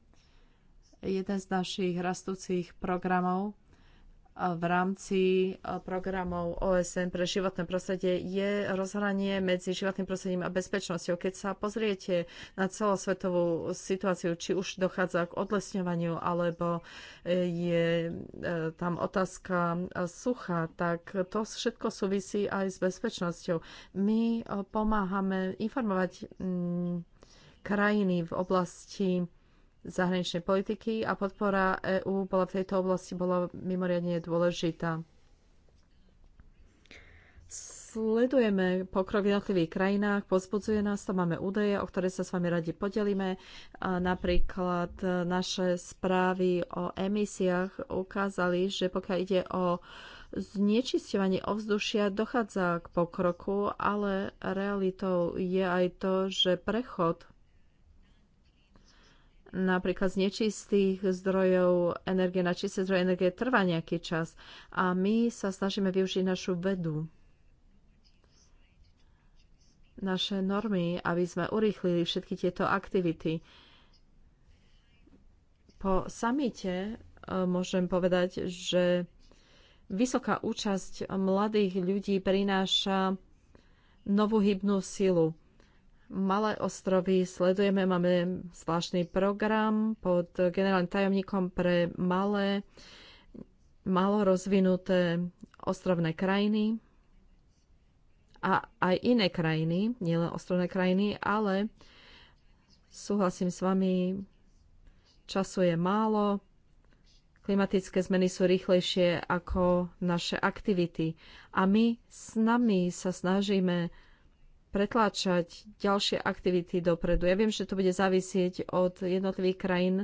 Jeden z našich rastúcich programov v rámci programov OSN pre životné prostredie je rozhranie medzi životným prostredím a bezpečnosťou. Keď sa pozriete na celosvetovú situáciu, či už dochádza k odlesňovaniu, alebo e, je e, tam otázka e, sucha, tak to všetko súvisí aj s bezpečnosťou. My pomáhame informovať krajiny v oblasti zahraničnej politiky a podpora EÚ bola v tejto oblasti bola mimoriadne dôležitá. Sledujeme pokrok v jednotlivých krajinách, pozbudzuje nás to, máme údaje, o ktoré sa s vami radi podelíme. Napríklad naše správy o emisiách ukázali, že pokiaľ ide o znečisťovanie ovzdušia dochádza k pokroku, ale realitou je aj to, že prechod napríklad z nečistých zdrojov energie na čisté zdroje energie trvá nejaký čas a my sa snažíme využiť našu vedu, naše normy, aby sme urýchlili všetky tieto aktivity. Po samite e, môžem povedať, že vysoká účasť mladých ľudí prináša novú hybnú silu Malé ostrovy sledujeme, máme zvláštny program pod generálnym tajomníkom pre malé, malo rozvinuté ostrovné krajiny a aj iné krajiny, nielen ostrovné krajiny, ale súhlasím s vami, času je málo, klimatické zmeny sú rýchlejšie ako naše aktivity a my s nami sa snažíme pretláčať ďalšie aktivity dopredu. Ja viem, že to bude závisieť od jednotlivých krajín,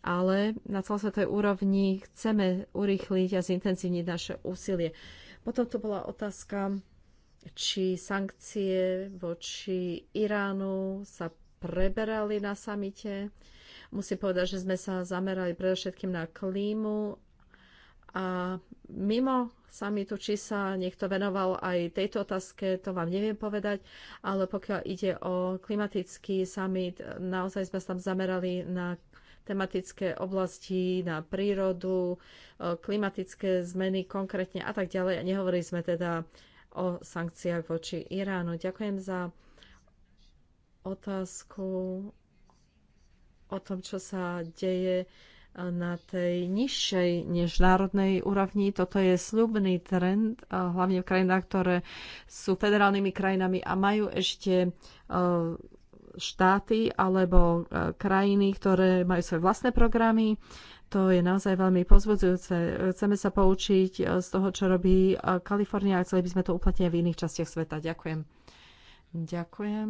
ale na celosvetovej úrovni chceme urýchliť a zintenzívniť naše úsilie. Potom to bola otázka, či sankcie voči Iránu sa preberali na samite. Musím povedať, že sme sa zamerali predovšetkým na klímu a mimo samitu, či sa niekto venoval aj tejto otázke, to vám neviem povedať, ale pokiaľ ide o klimatický summit, naozaj sme sa tam zamerali na tematické oblasti, na prírodu, e, klimatické zmeny konkrétne a tak ďalej. A nehovorili sme teda o sankciách voči Iránu. Ďakujem za otázku o tom, čo sa deje na tej nižšej než národnej úrovni. Toto je sľubný trend, hlavne v krajinách, ktoré sú federálnymi krajinami a majú ešte e, štáty alebo e, krajiny, ktoré majú svoje vlastné programy. To je naozaj veľmi pozbudzujúce. Chceme sa poučiť e, z toho, čo robí Kalifornia a chceli by sme to uplatniť aj v iných častiach sveta. Ďakujem. Ďakujem.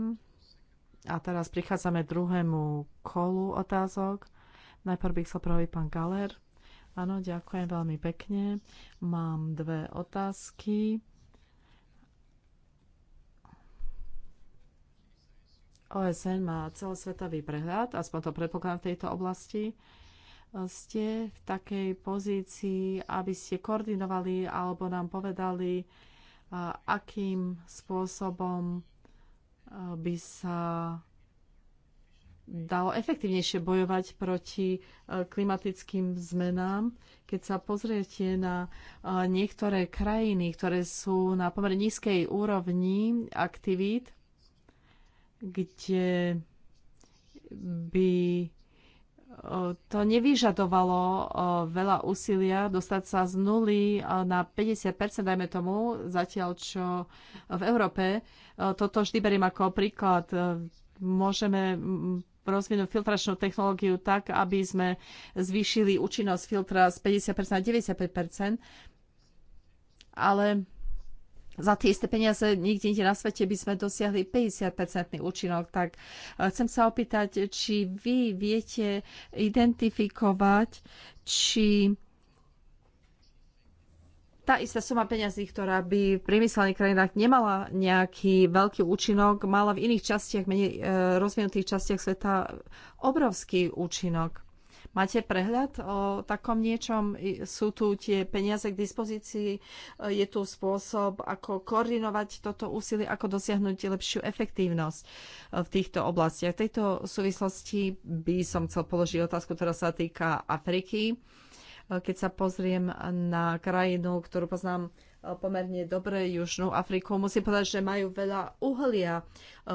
A teraz prichádzame k druhému kolu otázok. Najprv by chcel prvý pán Galer. Áno, ďakujem veľmi pekne. Mám dve otázky. OSN má celosvetový prehľad, aspoň to predpokladám v tejto oblasti. Ste v takej pozícii, aby ste koordinovali alebo nám povedali, akým spôsobom by sa dalo efektívnejšie bojovať proti e, klimatickým zmenám. Keď sa pozriete na e, niektoré krajiny, ktoré sú na pomerne nízkej úrovni aktivít, kde by e, to nevyžadovalo veľa úsilia dostať sa z nuly na 50%, dajme tomu, zatiaľ čo v Európe. Toto vždy beriem ako príklad môžeme rozvinúť filtračnú technológiu tak, aby sme zvýšili účinnosť filtra z 50% na 95%, ale za tie isté peniaze nikde inde na svete by sme dosiahli 50-percentný účinok. Tak eh, chcem sa opýtať, či vy viete identifikovať, či tá istá suma peňazí, ktorá by v priemyselných krajinách nemala nejaký veľký účinok, mala v iných častiach, menej e, rozvinutých častiach sveta obrovský účinok. Máte prehľad o takom niečom? Sú tu tie peniaze k dispozícii? E, je tu spôsob, ako koordinovať toto úsilie, ako dosiahnuť lepšiu efektívnosť e, v týchto oblastiach? V tejto súvislosti by som chcel položiť otázku, ktorá sa týka Afriky keď sa pozriem na krajinu, ktorú poznám eh, pomerne dobre, Južnú Afriku, musím povedať, že majú veľa uhlia eh,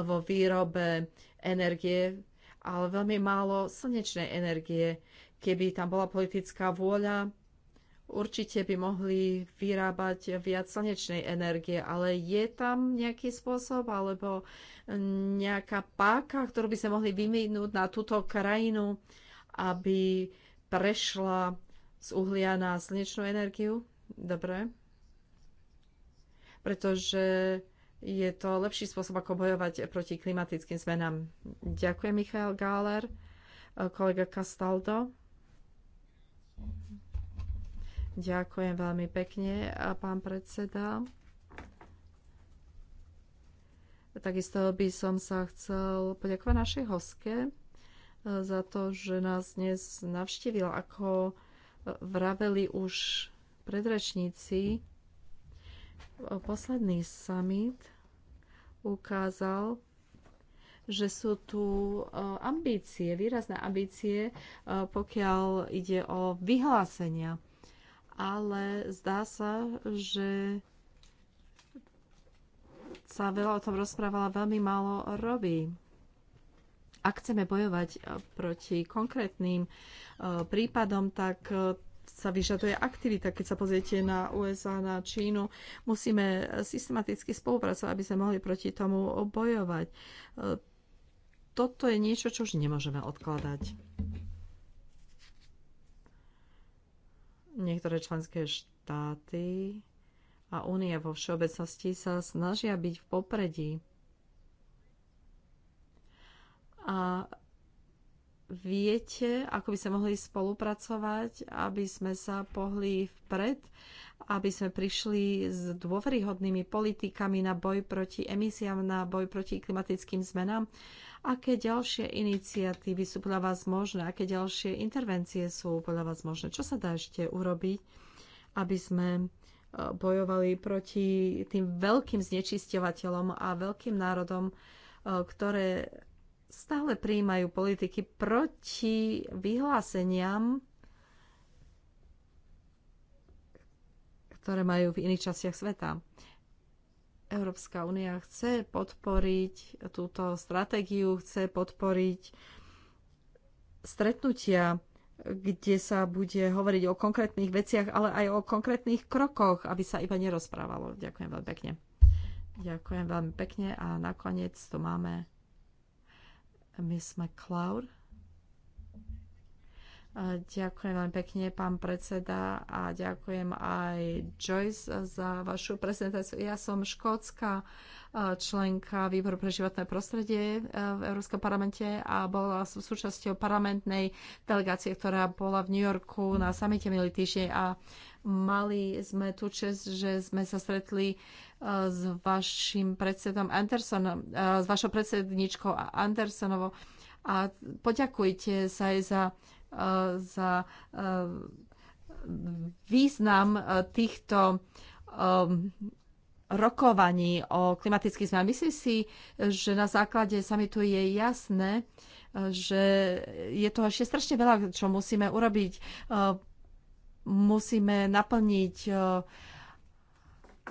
vo výrobe energie, ale veľmi málo slnečnej energie. Keby tam bola politická vôľa, určite by mohli vyrábať viac slnečnej energie, ale je tam nejaký spôsob alebo eh, nejaká páka, ktorú by sa mohli vyminúť na túto krajinu, aby prešla z uhlia na slnečnú energiu. Dobre. Pretože je to lepší spôsob, ako bojovať proti klimatickým zmenám. Ďakujem, Michal Gáler, kolega Castaldo. Ďakujem veľmi pekne, pán predseda. Takisto by som sa chcel poďakovať našej hoske za to, že nás dnes navštívila. Ako vraveli už predračníci, posledný summit ukázal, že sú tu e, ambície, výrazné ambície, e, pokiaľ ide o vyhlásenia. Ale zdá sa, že sa veľa o tom rozprávala, veľmi málo robí ak chceme bojovať e, proti konkrétnym e, prípadom, tak e, sa vyžaduje aktivita. Keď sa pozriete na USA, na Čínu, musíme systematicky spolupracovať, aby sme mohli proti tomu bojovať. Toto je niečo, čo už nemôžeme odkladať. Niektoré členské štáty a únie vo všeobecnosti sa snažia byť v popredí a viete, ako by sme mohli spolupracovať, aby sme sa pohli vpred, aby sme prišli s dôveryhodnými politikami na boj proti emisiám, na boj proti klimatickým zmenám. Aké ďalšie iniciatívy sú podľa vás možné? Aké ďalšie intervencie sú podľa vás možné? Čo sa dá ešte urobiť, aby sme e, bojovali proti tým veľkým znečisťovateľom a veľkým národom, e, ktoré stále prijímajú politiky proti vyhláseniam, ktoré majú v iných častiach sveta. Európska únia chce podporiť túto stratégiu, chce podporiť stretnutia, kde sa bude hovoriť o konkrétnych veciach, ale aj o konkrétnych krokoch, aby sa iba nerozprávalo. Ďakujem veľmi pekne. Ďakujem veľmi pekne a nakoniec tu máme Miss cloud. Ďakujem veľmi pekne, pán predseda, a ďakujem aj Joyce za vašu prezentáciu. Ja som škótska členka Výboru pre životné prostredie e, v Európskom parlamente a bola som súčasťou parlamentnej delegácie, ktorá bola v New Yorku na samite minulý týždeň a mali sme tu čest, že sme sa stretli e, s vašim predsedom Andersonom, e, s vašou predsedničkou Andersonovou a poďakujte sa aj za Eh, za eh, význam eh, týchto rokovaní o klimatických zmenách. Myslím si, že na základe samitu je jasné, že je toho ešte strašne veľa, čo musíme urobiť. Musíme naplniť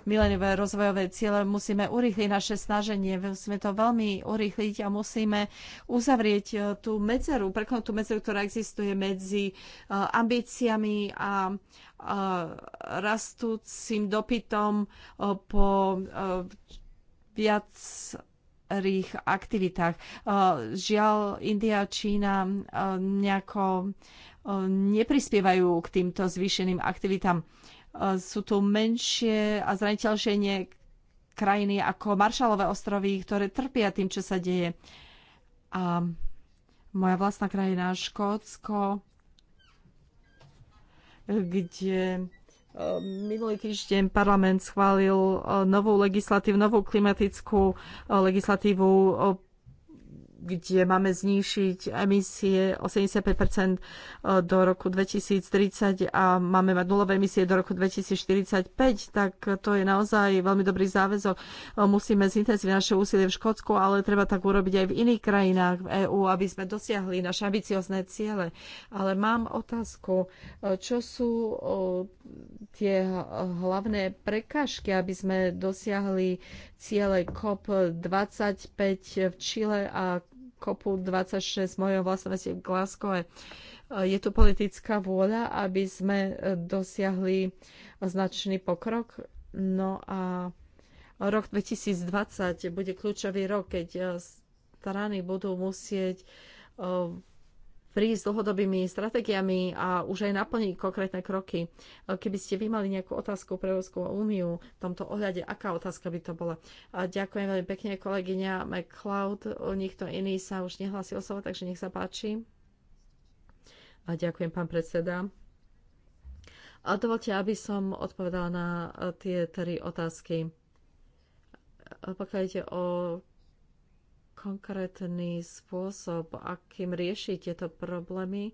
milenové rozvojové ciele, musíme urýchliť naše snaženie, musíme to veľmi urýchliť a musíme uzavrieť eh, tú medzeru, preknúť tú medzeru, ktorá existuje medzi eh, ambíciami a eh, rastúcim dopytom po viac rých aktivitách. Žiaľ, India, Čína nejako neprispievajú k týmto zvýšeným aktivitám. Sú tu menšie a zraniteľšie krajiny ako Maršalové ostrovy, ktoré trpia tým, čo sa deje. A moja vlastná krajina Škótsko, kde eh, minulý týždeň parlament schválil eh, novú eh, legislatívu, novú klimatickú legislatívu kde máme znížiť emisie o 75 e, do roku 2030 a máme mať nulové emisie do roku 2045, tak to je naozaj veľmi dobrý záväzok. E, musíme zintenzívne naše úsilie v Škótsku, ale treba tak urobiť aj v iných krajinách v EÚ, aby sme dosiahli naše ambiciozne ciele. Ale mám otázku, e, čo sú tie hlavné prekažky, aby sme dosiahli ciele COP25 v Čile a kopu 26 v mojom vlastnosti v Glasgow. E, je tu politická vôľa, aby sme e, dosiahli značný pokrok. No a rok 2020 bude kľúčový rok, keď e, strany budú musieť prísť s dlhodobými stratégiami a už aj naplniť konkrétne kroky. Keby ste vy mali nejakú otázku pre Európsku úniu v tomto ohľade, aká otázka by to bola? Ďakujem veľmi pekne, kolegyňa McCloud. Nikto iný sa už nehlásil slovo, takže nech sa páči. A ďakujem, pán predseda. A dovolte, aby som odpovedala na tie tri otázky. Pokiaľ ide o konkrétny spôsob, akým rieši tieto problémy?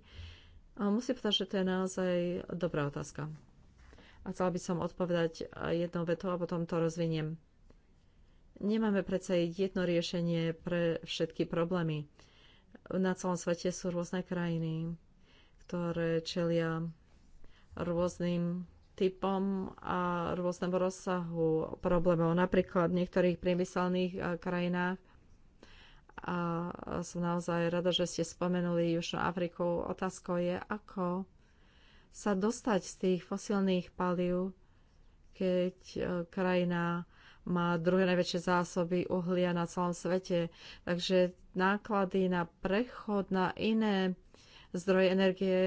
Musím povedať, že to je naozaj dobrá otázka. A chcela by som odpovedať jednou vetou a potom to rozviniem. Nemáme predsa jedno riešenie pre všetky problémy. Na celom svete sú rôzne krajiny, ktoré čelia rôznym typom a rôznemu rozsahu problémov. Napríklad v niektorých priemyselných eh, krajinách a som naozaj rada, že ste spomenuli Južnú Afriku. Otázkou je, ako sa dostať z tých fosilných palív, keď e, krajina má druhé najväčšie zásoby uhlia na celom svete. Takže náklady na prechod na iné zdroje energie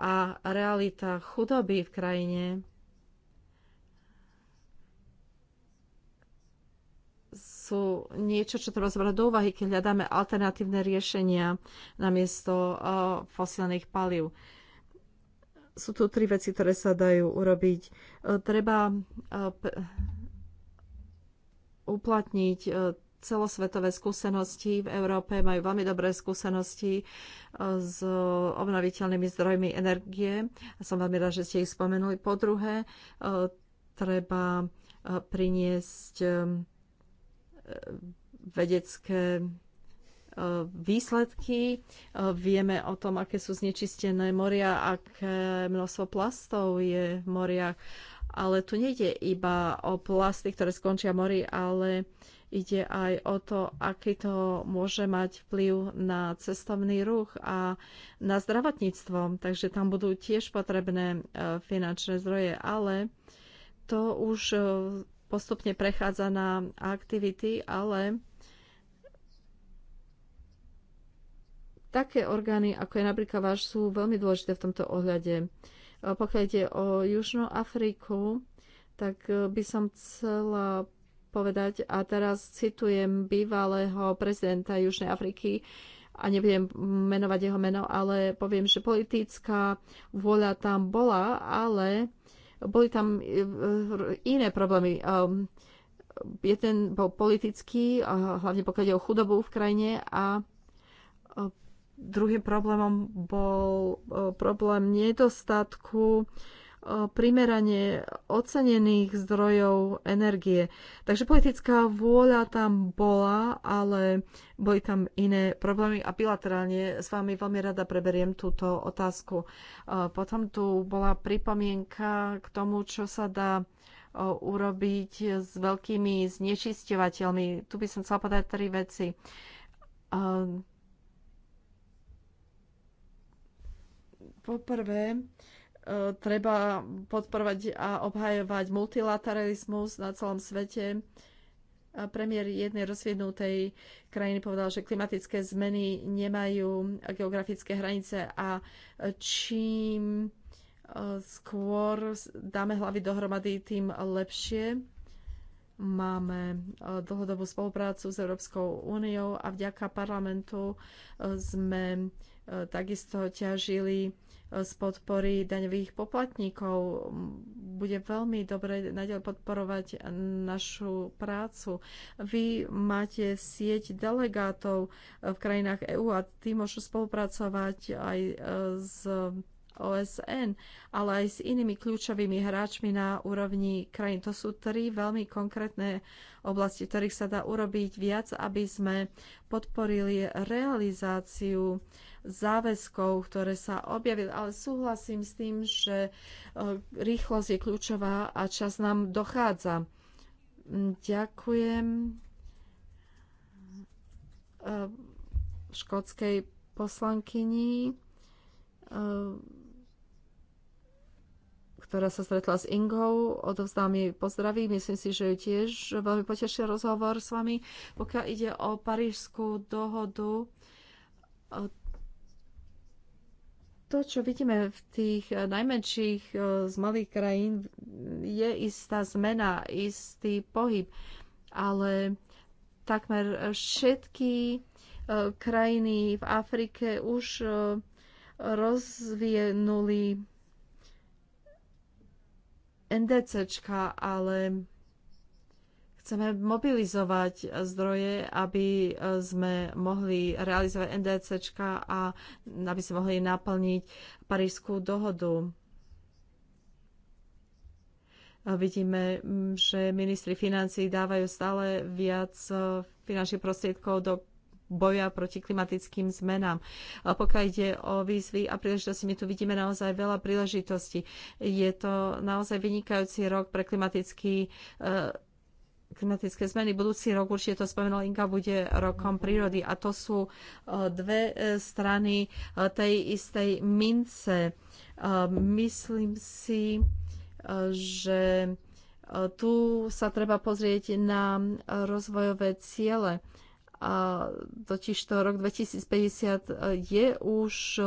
a realita chudoby v krajine sú niečo, čo treba zobrať do úvahy, keď hľadáme alternatívne riešenia namiesto eh, fosílnych palív. Sú tu tri veci, ktoré sa dajú urobiť. Eh, treba eh, uplatniť celosvetové skúsenosti v Európe, majú veľmi dobré skúsenosti s obnoviteľnými zdrojmi energie. Som veľmi rád, že ste ich spomenuli. Po druhé, treba priniesť vedecké e, výsledky. E, vieme o tom, aké sú znečistené moria, aké množstvo plastov je v moriach. Ale tu nejde iba o plasty, ktoré skončia mori, ale ide aj o to, aký to môže mať vplyv na cestovný ruch a na zdravotníctvo. Takže tam budú tiež potrebné e, finančné zdroje, ale to už postupne prechádza na aktivity, ale také orgány, ako je napríklad váš, sú veľmi dôležité v tomto ohľade. Pokiaľ ide o Južnú Afriku, tak e, by som chcela povedať, a teraz citujem bývalého prezidenta Južnej Afriky, a nebudem menovať jeho meno, ale poviem, že politická vôľa tam bola, ale boli tam e, e, iné problémy. E, Jeden bol politický, hlavne pokiaľ ide o chudobu v krajine a druhým problémom bol problém nedostatku primerane ocenených zdrojov energie. Takže politická vôľa tam bola, ale boli tam iné problémy a bilaterálne s vami veľmi rada preberiem túto otázku. Potom tu bola pripomienka k tomu, čo sa dá urobiť s veľkými znečisťovateľmi. Tu by som chcela povedať tri veci. Poprvé, E, treba podporovať a obhajovať multilateralizmus na celom svete. A e, premiér jednej rozviednutej krajiny povedal, že klimatické zmeny nemajú geografické hranice a čím e, skôr dáme hlavy dohromady, tým lepšie. Máme dlhodobú spoluprácu s Európskou úniou a vďaka parlamentu sme takisto ťažili z podpory daňových poplatníkov. Bude veľmi dobre naďalej podporovať našu prácu. Vy máte sieť delegátov v krajinách EÚ a tí môžu spolupracovať aj e, s OSN, ale aj s inými kľúčovými hráčmi na úrovni krajín. To sú tri veľmi konkrétne oblasti, v ktorých sa dá urobiť viac, aby sme podporili realizáciu záväzkov, ktoré sa objavili. Ale súhlasím s tým, že e, rýchlosť je kľúčová a čas nám dochádza. Ďakujem e, škótskej poslankyni e, ktorá sa stretla s Ingou, odovzdám jej pozdraví. Myslím si, že ju tiež veľmi potešil rozhovor s vami. Pokiaľ ide o parížskú dohodu, e, to, čo vidíme v tých najmenších e, z malých krajín, je istá zmena, istý pohyb. Ale takmer všetky e, krajiny v Afrike už rozvinuli NDCčka, ale chceme mobilizovať zdroje, aby e, sme mohli realizovať NDCčka a aby sme mohli naplniť Parížskú dohodu. Vidíme, že ministri financí dávajú stále viac e, finančných prostriedkov do boja proti klimatickým zmenám. A pokiaľ ide o výzvy a príležitosti, my tu vidíme naozaj veľa príležitostí. Je to naozaj vynikajúci rok pre klimatický eh, klimatické zmeny. Budúci rok, určite to spomenul Inka, bude rokom prírody. A to sú eh, dve eh, strany tej istej mince. Myslím si, že tu sa treba pozrieť na rozvojové ciele a totiž to rok 2050 e, je už e,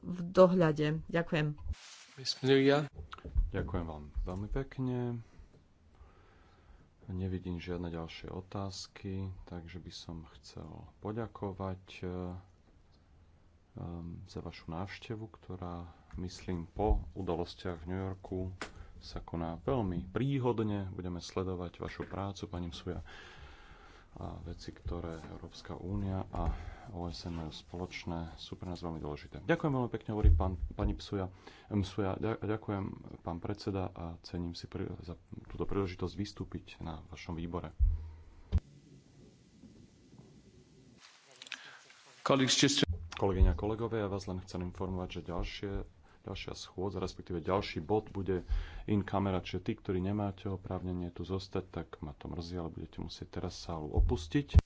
v dohľade. Ďakujem. Ďakujem vám veľmi pekne. Nevidím žiadne ďalšie otázky, takže by som chcel poďakovať e, za vašu návštevu, ktorá, myslím, po udalostiach v New Yorku sa koná veľmi príhodne. Budeme sledovať vašu prácu, pani Suja a veci, ktoré Európska únia a OSN majú spoločné, sú pre nás veľmi dôležité. Ďakujem veľmi pekne, hovorí pán, pani Psuja. Eh, Msuja, ďakujem pán predseda a cením si pri, za túto príležitosť vystúpiť na vašom výbore. Kolegyňa, kolegovia, ja vás len chcem informovať, že ďalšie ďalšia schôdza, respektíve ďalší bod bude in kamera, čiže tí, ktorí nemáte oprávnenie tu zostať, tak ma to mrzí, ale budete musieť teraz sálu opustiť.